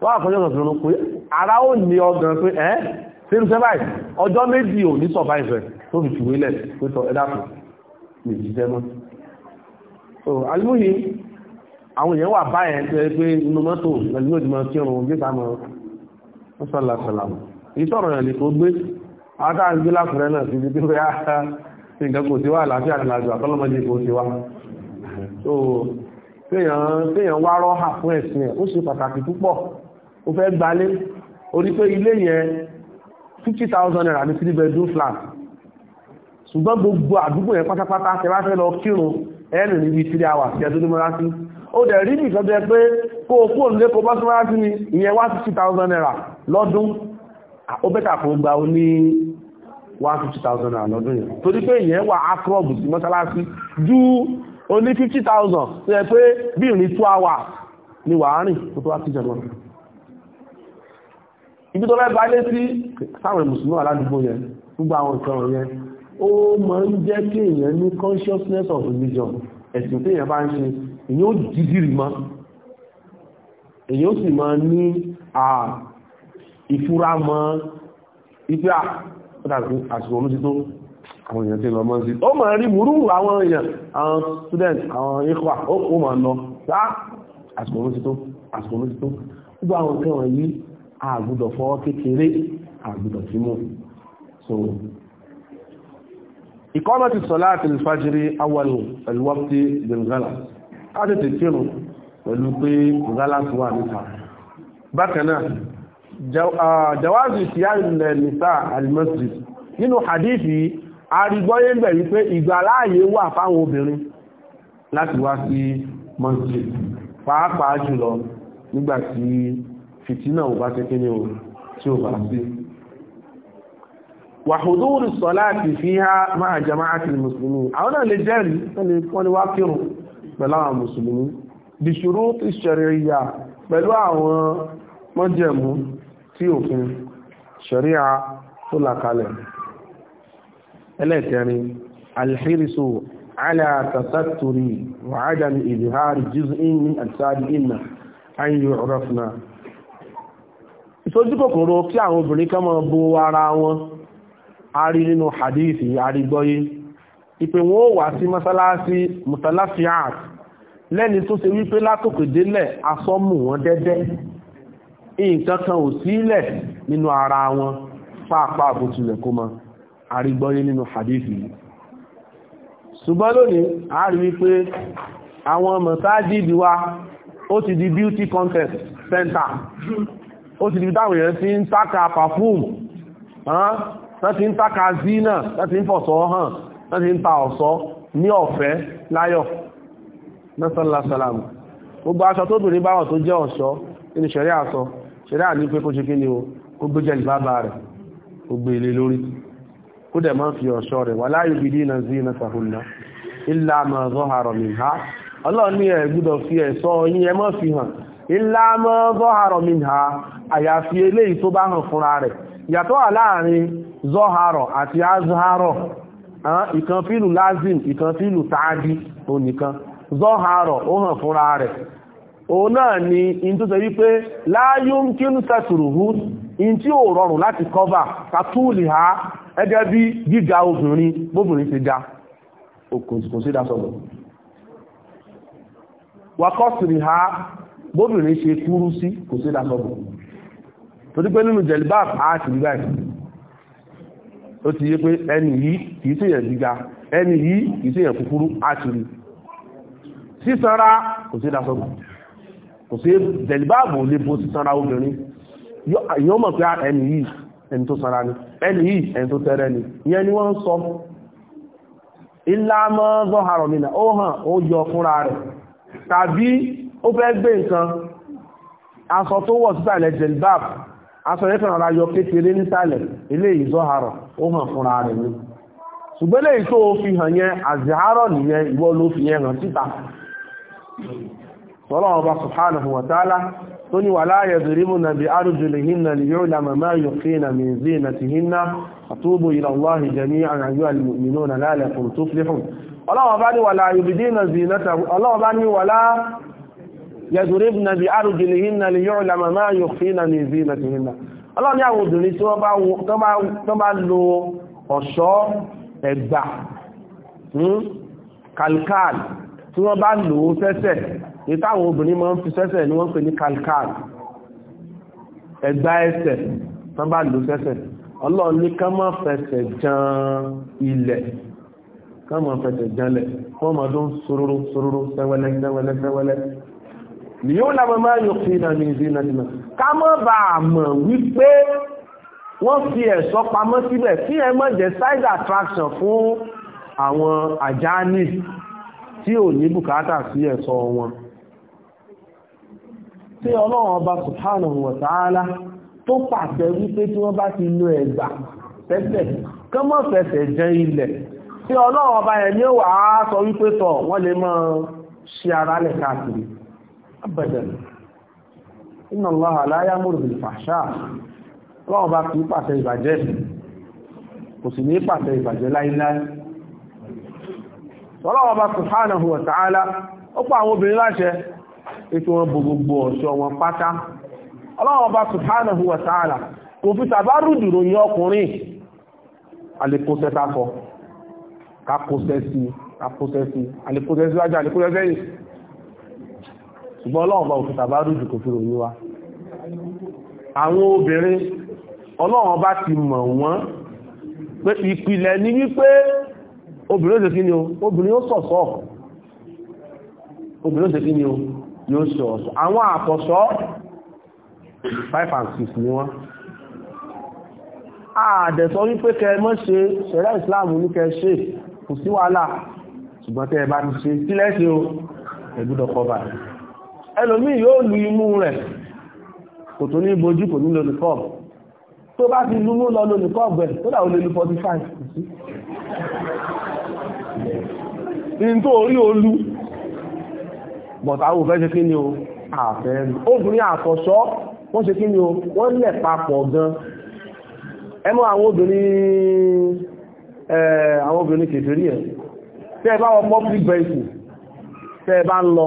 tó wà conscious of irun pé ara ó ní ọgàn pé ẹ́ ṣe ń ṣe báyìí ọjọ́ méjì ò ní survive tó fi fìwé lẹ̀ pé tọ ẹ̀dàpọ̀ lè jíṣẹ́ mọ́ so alimuhi àwọn èèyàn wà báyẹn tó yẹ pé inú mọ́tò lẹ́yìn òdì máa kírun bí sáà máa ń sọ́lá sọ́lá mọ́ èyí tọ̀rọ̀ yẹn lè tó gbé àwọn táà ń gbé lákùrẹ́ náà sí ibi tó yá nǹkan kò sí wà láti àtìlájò àtọ́lọ́mọdé kò sí wà so téèyàn wá rọ́hà fún ẹ̀sìn ẹ̀ ó ṣe pàtàkì púpọ̀ ó fifty thousand naira ní three bedroom flat ṣùgbọ́n gbogbo àdúgbò yẹn pátápátá ṣe bá fẹ́ lọ kírun ẹ̀rìn níbi three hours ṣe tó ní mọ́ra sí ó dẹ̀ rí nìkan jẹ́ pé kó o kúrò nílé kó bá sí mọ́ra sí ni ìyẹn wá fifty thousand naira lọ́dún ó bẹ́tà kó gba ó ní one fifty thousand naira lọ́dún yẹn torí pé ìyẹn wà akrob sí mọ́sálásí ju oní fifty thousand ṣe pé bí ìrìn two hours ni wàá rìn kó tó wá sí ìjọba ibi tó fẹ́ bá dé sí sáwọn mùsùlùmí aládùúgbò yẹn gbogbo àwọn nǹkan yẹn ó máa ń jẹ́ kí èèyàn ní consciousness of religion ẹ̀sìn tí èèyàn bá ń ṣe èèyàn ó jìdìrì mọ́ èèyàn ó sì máa ní ìfura mọ́ ipe àsìkò olóṣì tó àwọn èèyàn tí lọ mọ́ sí ó máa rí múrú àwọn èèyàn àwọn student àwọn ikọ̀ ó máa lọ láà àsìkò olóṣì tó àsìkò olóṣì tó gbogbo àwọn nǹkan wọ̀nyí àgùdọ̀ fọwọ́ kékeré àgùdọ̀ tí mú so ìkọ́nà ti sọ̀lá àti ìfàjírí awal alwọ́pti bengala káàdì ti kírùn pẹ̀lú pé gala ti wà níta bákanáà jawazi ti yá ilẹ̀ nìta alimọ́sí nínú hadithi arigbọ́yé ń bẹ̀rí pé ìgbàláàyè wà fáwọn obìnrin láti wá sí mọ́sí pàápàá jùlọ nígbàtí fìtínà ò bá tẹ́kẹ́ ní ohun tí ó bá sí wàhùdúrù sọ́láàtì fi ha máa jama'ati musulmi àwọn náà lè jẹ́rì ẹni wọ́n wá kírùn pẹ̀lú àwọn musulmi bí ṣúrú ti ṣẹ̀ríyà pẹ̀lú àwọn mọ́jẹ̀mú tí òfin ṣẹ̀ríyà tó làkalẹ̀ ẹlẹ́kẹrin alhírisù alàtàtàtùrì wàhádàmì ìdìhárì jùzín an yi ìsojú kòkòrò kí àwọn obìnrin kan máa bo ara wọn a rí nínú hadithi àrígbọ́yé ìpè wọn ó wà sí mọ́sálásí mutalafiat lẹ́ni tó ṣe wípé látòkè délẹ̀ asọ́mù wọn dẹ́dẹ́ nǹkan kan ò sílẹ̀ nínú ara wọn pàápàá àbòtulẹ̀ kó mọ àrígbọ́yé nínú hadithi ṣùgbọ́n lónìí a rí wípé àwọn mọ̀sáájì wa ó ti di beauty contest center ó sì ti dáwọn èèyàn ti ń tákà pàfúùm wọ́n ti ń tákà zina wọ́n ti ń fọ̀sọ́ hàn wọ́n ti ń ta ọ̀ṣọ́ ní ọ̀fẹ́ láyọ̀ mẹ́sànlásàlámù gbogbo aṣọ tó bìnrin báwọ̀ tó jẹ́ ọ̀ṣọ́ nínú ṣẹ̀rí àṣọ ṣẹ̀rí àní pé kó ṣe kí ni o kó gbé jẹ́ ìbába rẹ̀ kó gbé fi ọ̀ṣọ́ rẹ̀ wala fi hàn ilá mọ́ zọ́harọ̀ minha àyàfi eléyìí tó bá hàn fúnra rẹ̀ yàtọ̀ wà láàrin zọ́harọ̀ àti azharọ̀ ìkan fílù lazim ìkan fílù tààdì onìkan zọ́harọ̀ ó hàn fúnra rẹ̀ òun náà ni in tó sọ wípé láyún kí ń sẹ́tùrùhú in tí ó rọrùn láti kọ́bà kàtúùlì ha ẹgẹ́ bí gíga obìnrin bóbìnrin ti ga kò sí dá sọ́dọ̀ wàkọ́sìrì ha bóbìnrin ṣe kúrú sí kò sí lásọ̀bù torí pé nínú jẹ̀lìbáàbù á ti rí báyìí ó ti yé pé ẹni yìí kìí sí èyàn gíga ẹni yìí kìí sí èyàn kúkúrú á ti rí sísanra kò sí lásọ̀bù kò sí jẹ̀lìbáàbù lè bo sísanra obìnrin yóò mọ̀ pé ẹni yìí ẹni tó sanra ni ẹni yìí ẹni tó tẹ́rẹ́ ni ìyẹn ni wọ́n ń sọ ìlàmọ́ zọ́harọ̀ mi náà ó hàn ó yọ fúnra rẹ̀ tàbí ó fẹ́ gbé nǹkan aṣọ tó wọ̀ sísàlẹ̀ jilbab aṣọ yẹ́ kàn ara yọ kékeré nísàlẹ̀ ilé ìzọ́harọ̀ ó hàn fúnra rẹ̀ ní ṣùgbọ́n lè tó fi hàn yẹn àzìhárọ̀ nìyẹn ìwọ ló fi yẹn hàn síta sọ́lọ́wọ́ bá subhanahu wa ta'ala tó ní wala yadribna bi arjulihinna liyu'lama ma yuqina min zinatihinna atubu ila Allahi jami'an ayyuhal mu'minuna yadribna bi arjulihinna li yu'lama ma yukhfina min zinatihinna ọlọ́ni àwọn obìnrin tí wọ́n bá lo ọ̀ṣọ́ ẹ̀gbà hmm, kalkal tí wọ́n bá lò ó sẹ́sẹ̀ ìtàwọn obìnrin máa ń fi sẹ́sẹ̀ ni wọ́n pè ní kalkal ẹ̀gbà ẹsẹ̀ tán bá lò sẹ́sẹ̀ ọlọ́run ní ká fẹsẹ̀ jan ilẹ̀ ká má fẹsẹ̀ janlẹ̀ fọ́mọdún sororo ni yóò lábẹ́ máa yọ sí ìnà ní ìdínà nínú ká mọ́ bá a mọ̀ wípé wọ́n fi ẹ̀ṣọ́ pamọ́ síbẹ̀ tí ẹ mọ́ jẹ́ side attraction fún àwọn àjáni tí ò ní bùkátà sí ẹ̀ṣọ́ wọn tí ọlọ́run ọba subhanahu wa ta'ala tó pàṣẹ wípé tí wọ́n bá ti lo ẹ̀gbà fẹ́fẹ́ kán mọ́ fẹ́fẹ́ jẹ ilẹ̀ tí ọlọ́run ọba yẹn ni ó wà á sọ wípé tọ̀ wọ́n lè máa ṣe ara lẹ̀ káàkiri abadan inna allaha la ya'muru bil fahsha ọlọ́run bá kìí pàṣẹ ìbàjẹ́ kò sì ní pàṣẹ ìbàjẹ́ láíláí ọlọ́run bá subhanahu wa ta'ala ó pa àwọn obìnrin láṣẹ ètò wọn bò gbogbo ọ̀ṣọ́ wọn pátá ọlọ́run bá subhanahu wa ta'ala kò fi tàbárù dùrò yín ọkùnrin alẹ́kọ́sẹ́ tákọ kakọ́sẹ́ sí kakọ́sẹ́ sí alẹ́kọ́sẹ́ síwájú alẹ́kọ́sẹ́ sẹ́yìn ṣùgbọ́n ọlọ́run bá òkúta bá rújù kò fi ròyìn wa àwọn obìnrin ọlọ́run bá ti mọ̀ wọ́n pé ìpìlẹ̀ ní wípé obìnrin òṣèkí ni o obìnrin ó sọ̀sọ̀ obìnrin òṣèkí ni o yóò sọ̀sọ̀ àwọn àtọ̀sọ́ 5 and 6 ni wọ́n àdẹ̀sọ wípé kẹ mọ́ ṣe ṣẹ̀rẹ́ ìsìláàmù ní kẹ ṣe kò sí wàhálà ṣùgbọ́n tẹ́ ẹ bá ti ṣe sílẹ̀ ṣe o ẹ̀gbúdọ̀ kọ́ báyìí ẹlòmí yóò lu imú rẹ̀ kò tó ní bojú kò ní lónìkọ́ọ̀bù tó bá ti lúmú lọ lónìkọ́ọ̀bù ẹ̀ tó dà ó lè lu 45 in tó orí olú bọ̀tàwò fẹ́ ṣe kí ni o àfẹ́rí obìnrin àtọ̀ṣọ́ wọ́n ṣe kí ni o wọ́n lẹ̀ papọ̀ gan ẹmọ́ àwọn obìnrin àwọn obìnrin kèfèrí ẹ̀ tẹ́ bá wọ public basin tẹ́ bá ń lọ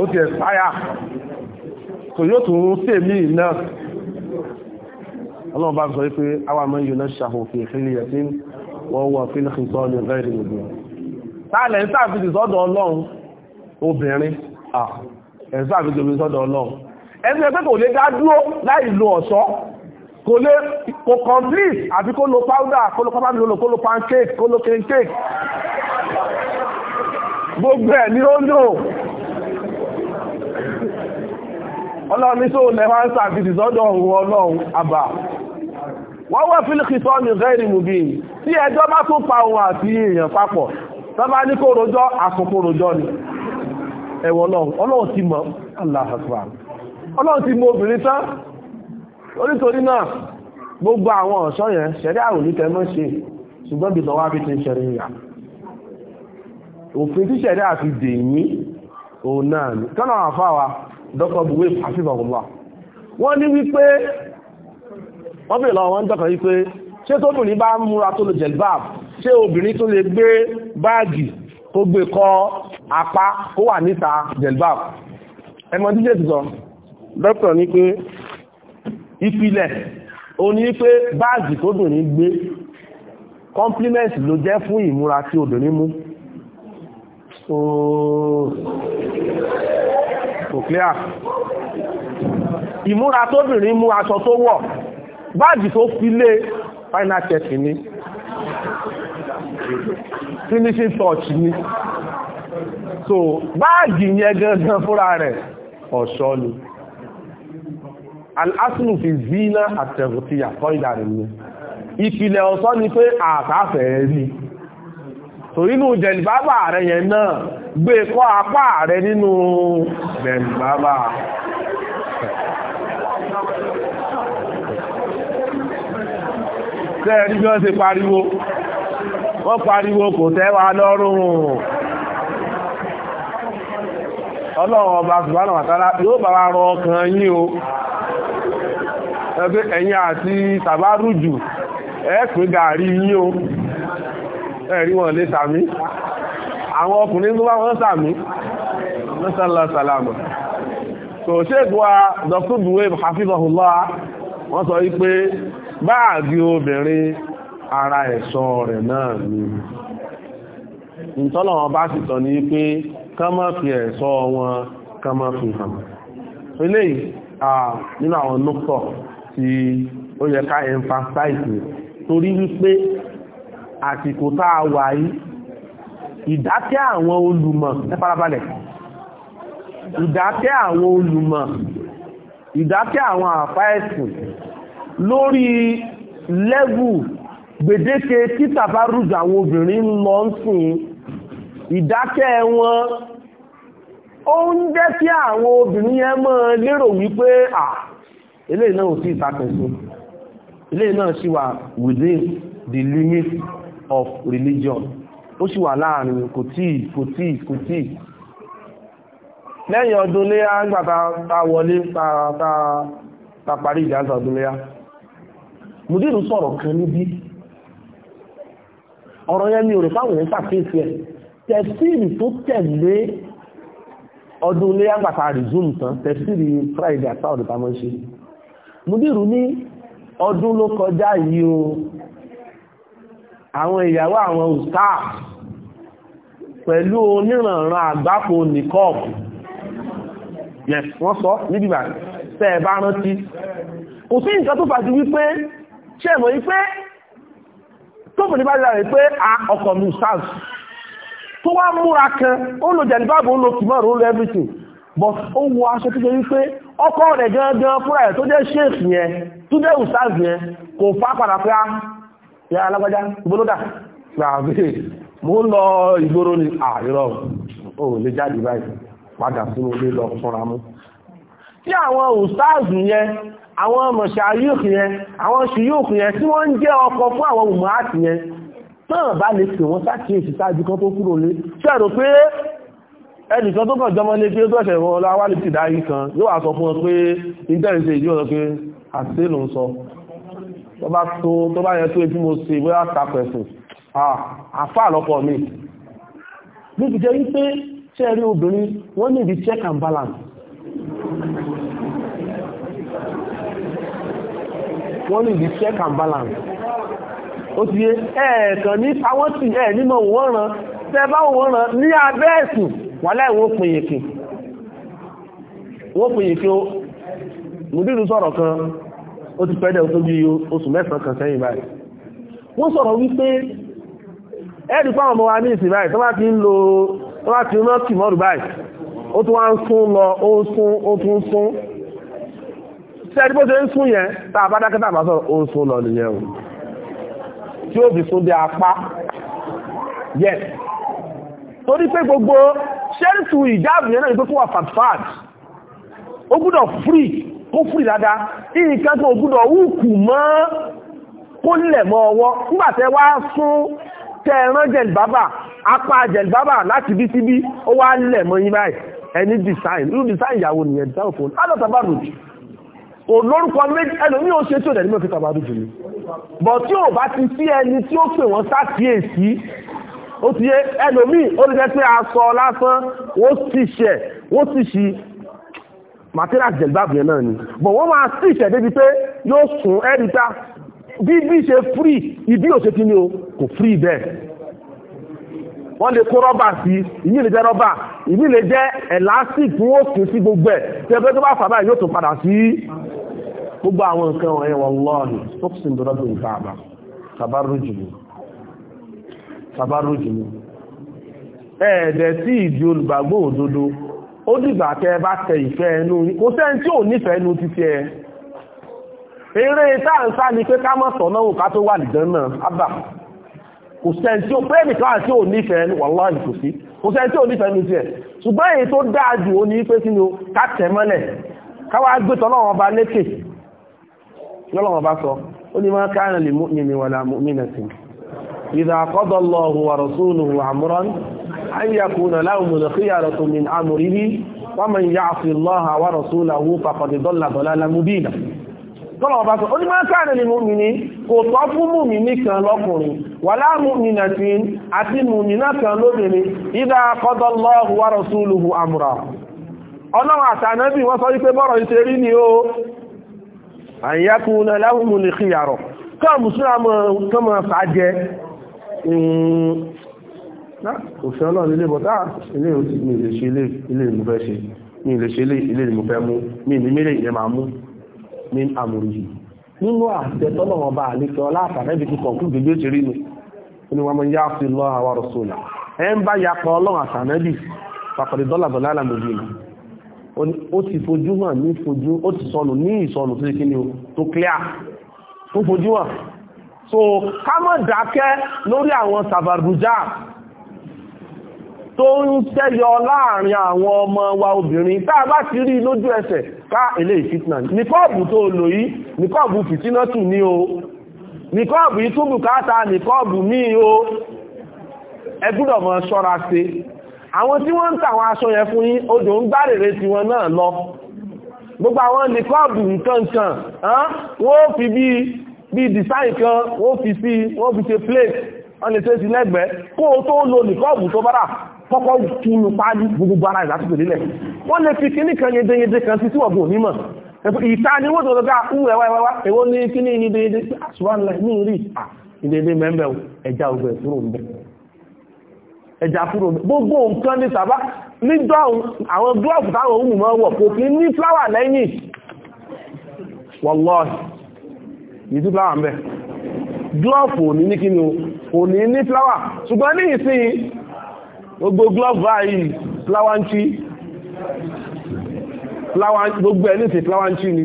ó ti ẹ̀sáyà tó yóò tún sí èmì náà ọlọ́run bá sọ wípé àwọn àmọ́ yóò náà ṣàfòfin ìfẹ́lẹ̀ yẹ̀ tí wọ́n wọ́n fi ní ṣùgbọ́n ní ọ̀rẹ́ ìrìn òbí táàlẹ̀ ń sáàfìdì sọ́dọ̀ ọlọ́run obìnrin ẹ̀ ń sáàfìdì obìnrin sọ́dọ̀ ọlọ́run ẹni ẹgbẹ́ kò lè dá dúró láì lo kò complete àfi kó lo powder kó lo pápá lò kó lo pancake kó lo pancake gbogbo ẹ̀ ni ó ń dùn ọlọ́run ní só lẹ́wà ń sàfihì sọ́dọ̀ ohun ọlọ́run àbà wọ́n wọ́n fi kìtọ́ ní rẹ́rì mùbí tí ẹjọ́ bá tún pa ohun àti èèyàn papọ̀ tọ́bá ní kó rojọ́ àsùnkó rojọ́ ni ẹ̀wọ̀ ọlọ́run ti mọ̀ ọlọ́run ti mọ̀ obìnrin tán orítorí náà gbogbo àwọn ọ̀ṣọ́ yẹn ṣẹ̀rí àrùn ní tẹ́mọ́ ṣe ṣùgbọ́n bí lọ́wọ́ bí ti ń ṣẹ̀rí ìyà òfin tí ṣẹ̀rí àti dèyí òun náà ni tọ́nà àfáwa Dr. Buwef Hafizahullah wọ́n ní wípé wọ́n bèèrè lọ wọ́n dọ́kọ̀ wípé ṣé tóbìnrin bá ń múra tó lè jẹ̀lbáàbù ṣé obìnrin tó lè gbé báàgì tó gbé kọ apá kó wà níta jẹ̀lbáàbù ẹmọ díjẹ́ ti sọ dọ́kọ̀ ní pé ìpìlẹ̀ ó ní pé báàgì tóbìnrin gbé compliment ló jẹ́ fún ìmúra tí kò clear ìmúra tóbìnrin mú aṣọ tó wọ̀ báàgì tó fi lé final check ni finishing touch ni so báàgì yẹn gangan fúnra rẹ̀ ọ̀ṣọ́ ni al'asinu fi zina àtẹ̀rùtíyà kọ́ ìdàrí ni ìpìlẹ̀ ọ̀ṣọ́ ni pé àtàfẹ́ rí tò nínú jẹ̀lìbábà rẹ̀ yẹn náà gbé e kọ́ apá rẹ̀ nínú jẹ̀lìbábà tẹ́ẹ̀rí bí wọ́n ṣe pariwo wọ́n pariwo kò tẹ́wà lọ́rùn ọlọ́run ọba ṣùgbọ́n àtàrà yóò bá wa rọ ọkàn yín o ẹgbẹ́ ẹ̀yìn àti tàbárùjù ẹ̀ẹ́pẹ́ gàrí yín o ẹ̀rí wọn lè sàmí àwọn ọkùnrin tó bá wọ́n sàmí mẹ́sàlá sàlámà so ṣéèkù wa dr buwe hafizahullah wọ́n sọ wípé báàgì obìnrin ara ẹ̀ṣọ́ rẹ̀ náà ni ìtọ́lọ̀wọ́n bá sì tọ́ ní pé kán má fi ẹ̀ṣọ́ wọn kán má fi hàn eléyìí nínú àwọn nọ́pọ̀ tí ó yẹ ká emphasize torí wípé àsìkò tá a wà yìí ìdákẹ́ àwọn olùmọ̀ ẹ farabalẹ̀ ìdákẹ́ àwọn olùmọ̀ ìdákẹ́ àwọn àfá ẹ̀sìn lórí lẹ́wù gbèdéke títà bá rújù àwọn obìnrin lọ ń sìn ìdákẹ́ wọn ó ń jẹ́ kí àwọn obìnrin yẹn mọ́ lérò wípé à eléyìí náà ò sí ìtakẹ̀sí eléyìí náà sì wà within the limit of religion ó sì wà láàrin kò tí kò tí kò tí lẹ́yìn ọdún léyá nígbà tá wọlé tá parí ìdájọ́ ọdún léyá mùdírù sọ̀rọ̀ kan níbí ọ̀rọ̀ yẹn ni òrùn fáwọn èèyàn ṣàkíyèsí ẹ̀ tẹ̀síìrì tó tẹ̀lé ọdún léyá nígbà tá resume tán tẹ̀síìrì friday àtàwọn ìtàmọ́ṣe mùdírù ní ọdún ló kọjá yìí o àwọn ìyàwó àwọn ustaz pẹ̀lú oníranran àgbápò nìkọ́ọ̀pù yes wọ́n sọ níbìbà tẹ́ ẹ bá rántí kò sí nǹkan tó fàájú wípé ṣe mọ̀ wípé tó fún ní bá dára wípé a ah, ọkọ̀ mi ustaz tó wá múra kan ó lo jẹ̀lúbáàbò ó lo kìmọ̀rù ó lo everything but ó wọ aṣọ tó jẹ́ wípé ọkọ rẹ̀ gangan fúnra ẹ̀ tó jẹ́ ṣèèfì yẹn tó jẹ́ ustaz yẹn kò fá padà pé ah, ya alágbájá gbólódà gbàgbé mo ń lọ ìgboro ni àìrọ̀ ò lè jáde báyìí padà sínú ilé lọ fúnra mú tí àwọn ustaazu yẹn àwọn mọ̀ṣàyíòkì yẹn àwọn ṣìyíòkì yẹn tí wọ́n ń jẹ́ ọkọ̀ umat àwọn mùmáàtì yẹn náà bá lè pè wọ́n sákìyèsí sáájú kan tó kúrò lé ṣẹ́rò pé ẹnìkan tó kàn jọmọ́ ní pé tó ẹ̀ṣẹ̀ wọn láwálì tìdáyí kan yóò wá sọ fún ọ pé intanẹ̀ṣẹ̀ ìjọ́ ọ̀rọ̀ pé àti ló ń sọ tó bá tó tó bá yẹ tó etí mo ṣe bóyá tako ẹ̀sìn àfà lọ́pọ̀ mi bí kì jẹ́ wípé tí ẹ rí obìnrin wọ́n ní ìdí check and balance wọ́n ní ìdí check and balance ó ti yé ẹ̀ẹ̀kan ní àwọn tí ẹ̀ nímọ̀ wọ́n ràn tẹ́ bá wọ́n ràn ní abẹ́ ẹ̀sìn wà láìwọ́ pìnyìnkì wọ́n pìnyìnkì ó mùdírù sọ̀rọ̀ kan ó ti pẹ́dẹ̀ tó bí oṣù mẹ́sàn kan sẹ́yìn báyìí wọ́n sọ̀rọ̀ wípé ẹ́ẹ̀dì pàwọn ọmọ wa ní ìsìn báyìí tó bá ti ń lo tó bá ti ń rántí mọ́rù báyìí ó tún wá ń sún lọ ó ń sún ó tún ń sún sẹ́ẹ̀dì bó ṣe ni pé kó wà fàtfàt ó gbúdọ̀ free kó fún ìdáda nǹkan tó gbúdọ̀ wùkù mọ́ kó lẹ̀ mọ́ ọwọ́ nígbàtẹ́ wá sún tẹ́ẹ̀rán jẹ̀lìbábà apá jẹ̀lìbábà láti bí síbí ó wá lẹ̀ mọ́ yín báyìí ẹni design irú design ìyàwó nìyẹn design fún alọ́tàbàrù olórúkọ méjì ẹlòmí ó ṣe tí ó dẹ̀ ní mẹ́fẹ́ tàbàrù jù ní bọ̀ tí ò bá ti sí ẹni tí ó pè wọ́n sákìyèsí ó ti yé ẹlòmí ó lè jẹ́ pé aṣọ lásán ó ti ṣẹ̀ ó ti ṣì material jẹ̀lbáàbù yẹn náà ni but wọ́n máa sí ìṣẹ̀ débi pé yóò sùn ẹ́dìta bí bí ṣe free ibi òṣè kí ni o kò free bẹ́ẹ̀ wọ́n lè kó rọ́bà sí ìmí lè jẹ́ rọ́bà ìmí lè jẹ́ elastic fún òkè sí gbogbo ẹ̀ tí ẹgbẹ́ tó bá fà báyìí yóò tún padà sí gbogbo àwọn nǹkan wọ̀nyẹn wọ́n lọ́ọ̀nù tó sì ń dọ́rọ́ bí nǹkan àbá tabarruj ni tabarruj tí ìdí olùgbàgbọ́ òdodo ó dìgbà tẹ bá tẹ ìfẹ́ ẹnu kò sẹ́ni tí ò nífẹ̀ẹ́ ẹnu títí ẹ eré táǹsá ni pé ká mọ̀ sọ̀nà òun ká tó wà nìdán náà ábà kò sẹ́ni tí ó pé nìkan àti ò nífẹ̀ẹ́ ẹnu wàláhì kò sí kò sẹ́ni tí ò nífẹ̀ẹ́ ẹnu tiẹ̀ ṣùgbọ́n èyí tó dáa jù ó an yakuna lahum al-khiyaratu min amrihi wa man ya'si Allaha wa rasulahu faqad dalla dalalan mubina tọ́lọ̀ ọba sọ onímọ̀ káàrin ni mùmìnì kò tọ́ fún mùmìnì kan lọ́kùnrin wà láàmùmìnà tí àti mùmìnà kan lóbìnrin ìdá qada Allahu wa rasuluhu amra ọlọ́run àtànábì wọ́n sọ wípé bọ́rọ̀ ìṣe ni ó àyíyákùnrin láwùmù òfin ọlọ́run ah, ilé bọ̀tá ilé mi lè ṣe ilé mi fẹ́ ṣe mi lè ṣe ilé mi fẹ́ mú mi ní mílẹ̀ ìyẹn máa mú ní àmòrìyí nínú àṣẹ tọ́lọ̀wọ̀n bá àlefẹ́ ọlátàrẹ́bì ti kọ̀kú gbogbo ti rí ní wọn mọ̀ yá sí lọ àwọn rọ̀sọ́lá ẹ ń bá ya pa ọlọ́run àtàrẹ́bì pàpàdé dọ́làdọ́lá làmòdìmọ̀ ó ti fojú hàn ní fojú ó ti sọnù ní ìsọnù tó kí ni ó tó clear tó fojú hàn so ká má dákẹ́ lórí àwọn sàbàrùjá tó ń ṣẹ́yọ láàrin àwọn ọmọ wa obìnrin tá a bá ti rí lójú ẹsẹ̀ ká ilé ìfitna nìkọ́ọ̀bù tó lò yìí nìkọ́ọ̀bù fìtínà tù ní o nìkọ́ọ̀bù yìí tún bùkátà nìkọ́ọ̀bù míì o ẹ gbọ́dọ̀ mọ ṣọ́ra ṣe àwọn tí wọ́n ń tàwọn aṣọ yẹn fún yín odò ń gbárèrè tiwọn náà lọ gbogbo àwọn nìkọ́ọ̀bù nǹkan kan wọ́n fi bí design kan wọ́n fi sí wọ́n fi ṣe plate wọ́n lè ṣe sí lẹ́gbẹ̀ẹ́ kó o tó lo nìkọ́ọ̀bù tó bára kọ́kọ́ túnú páálí gbogbo ara ìdásíkò nílẹ̀ wọ́n lè fi kíní kan yedeyede kan sí tíwọ̀gbọ̀n onímọ̀ ìta ni wọ́n tọ́tọ́ gáà fún ẹwà ẹwà ẹwọ́ ní kíní yedeyede àṣùwánlẹ̀ ní rí ìdèdè ah, mẹ́mbẹ̀ ẹja ọgbẹ̀ fúrò ń bẹ̀ ẹja fúrò ń bẹ̀ gbogbo nǹkan ní sábà ní àwọn glove táwọn ohun mọ̀ wọ̀ kò kí ní fúláwà lẹ́yìn wọ́lọ́ọ̀hì yìí tí fúláwà ń bẹ̀ glove ò ní ní kíni ò ní ní fúláwà ṣùgbọ́n ní ìsìn gbogbo glove báyìí flawanchi gbogbo ẹ̀ nísìn flawanchi ni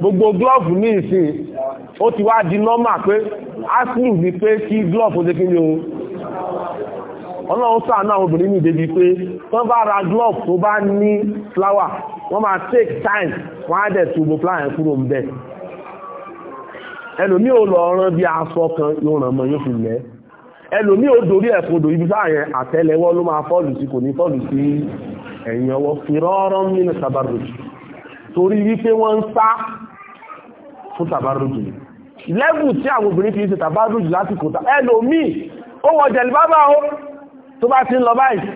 gbogbo glove ní ìsìn ó ti wá di nọ́mà pé aslu ni pé kí glove ó dé kí ni ohun ọlọ́run ṣàánú àwọn obìnrin ní ìdébí pé wọ́n bá ra glove tó bá ní flower wọ́n máa take time wọ́n á dẹ̀ tu gbogbo flower kúrò ń bẹ̀ ẹlòmí ò lọ rán bí aṣọ kan yóò ràn mọ́ yóò fi lẹ́ẹ̀ ẹlòmí ò dorí ẹ̀kọ́dò ibi sáàyẹn àtẹ́lẹwọ́ ló máa fọ́ọ̀lù sí kò ní fọ́ọ̀lù sí ẹ̀yìn ọwọ́ fi rọ́rọ́ nínú tàbárùjù torí wípé wọ́n ń sá fún tàbárùjù lẹ́bù tí àwọn obìnrin fi ṣe tàbárùjù lásìkò ta ẹlòmí ó wọ jẹ̀lì bábá ó tó bá ti ń lọ báyìí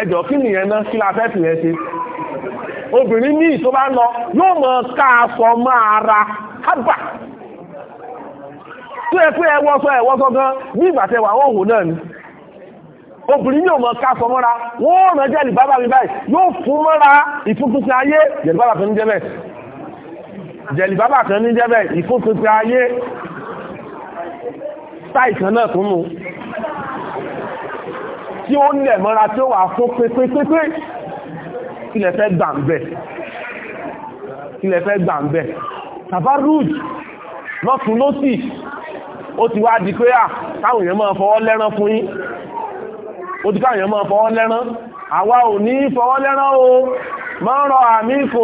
ẹjọ́ kí nìyẹn náà kí la fẹ́ fi yẹn ṣe obìnrin míì tó bá lọ yóò mọ ká aṣọ máa ra hábà tó yẹ pé ẹwọ́sọ ẹwọ́sọ gan bí ìgbà tẹwà wọ́n hù náà ni obìnrin yóò mọ ká aṣọ mọ́ra wọ́n rán jẹ́lì bábà mi báyìí yóò fún mọ́ra ìfúnfúnfún ayé jẹ̀lì bábà kan ní jẹ́ bẹ́ẹ̀ jẹ̀lì bábà kan ní jẹ́ bẹ́ẹ̀ ìfúnfúnfún ayé táì kan náà tún mú tí ó lẹ̀ mọ́ra tí ó wà fún pépépépé ilẹ̀ fẹ́ gbà ń bẹ̀ ilẹ̀ fẹ́ gbà ń bẹ̀ tàbá rúùjì lọ́tún lọ́sì ó ti wá di pé à táwọn èèyàn máa fọwọ́ lẹ́rán fún yín ó ti káwọn èèyàn máa fọwọ́ lẹ́rán àwa ò ní fọwọ́ lẹ́rán o máa ń rọ àmì kò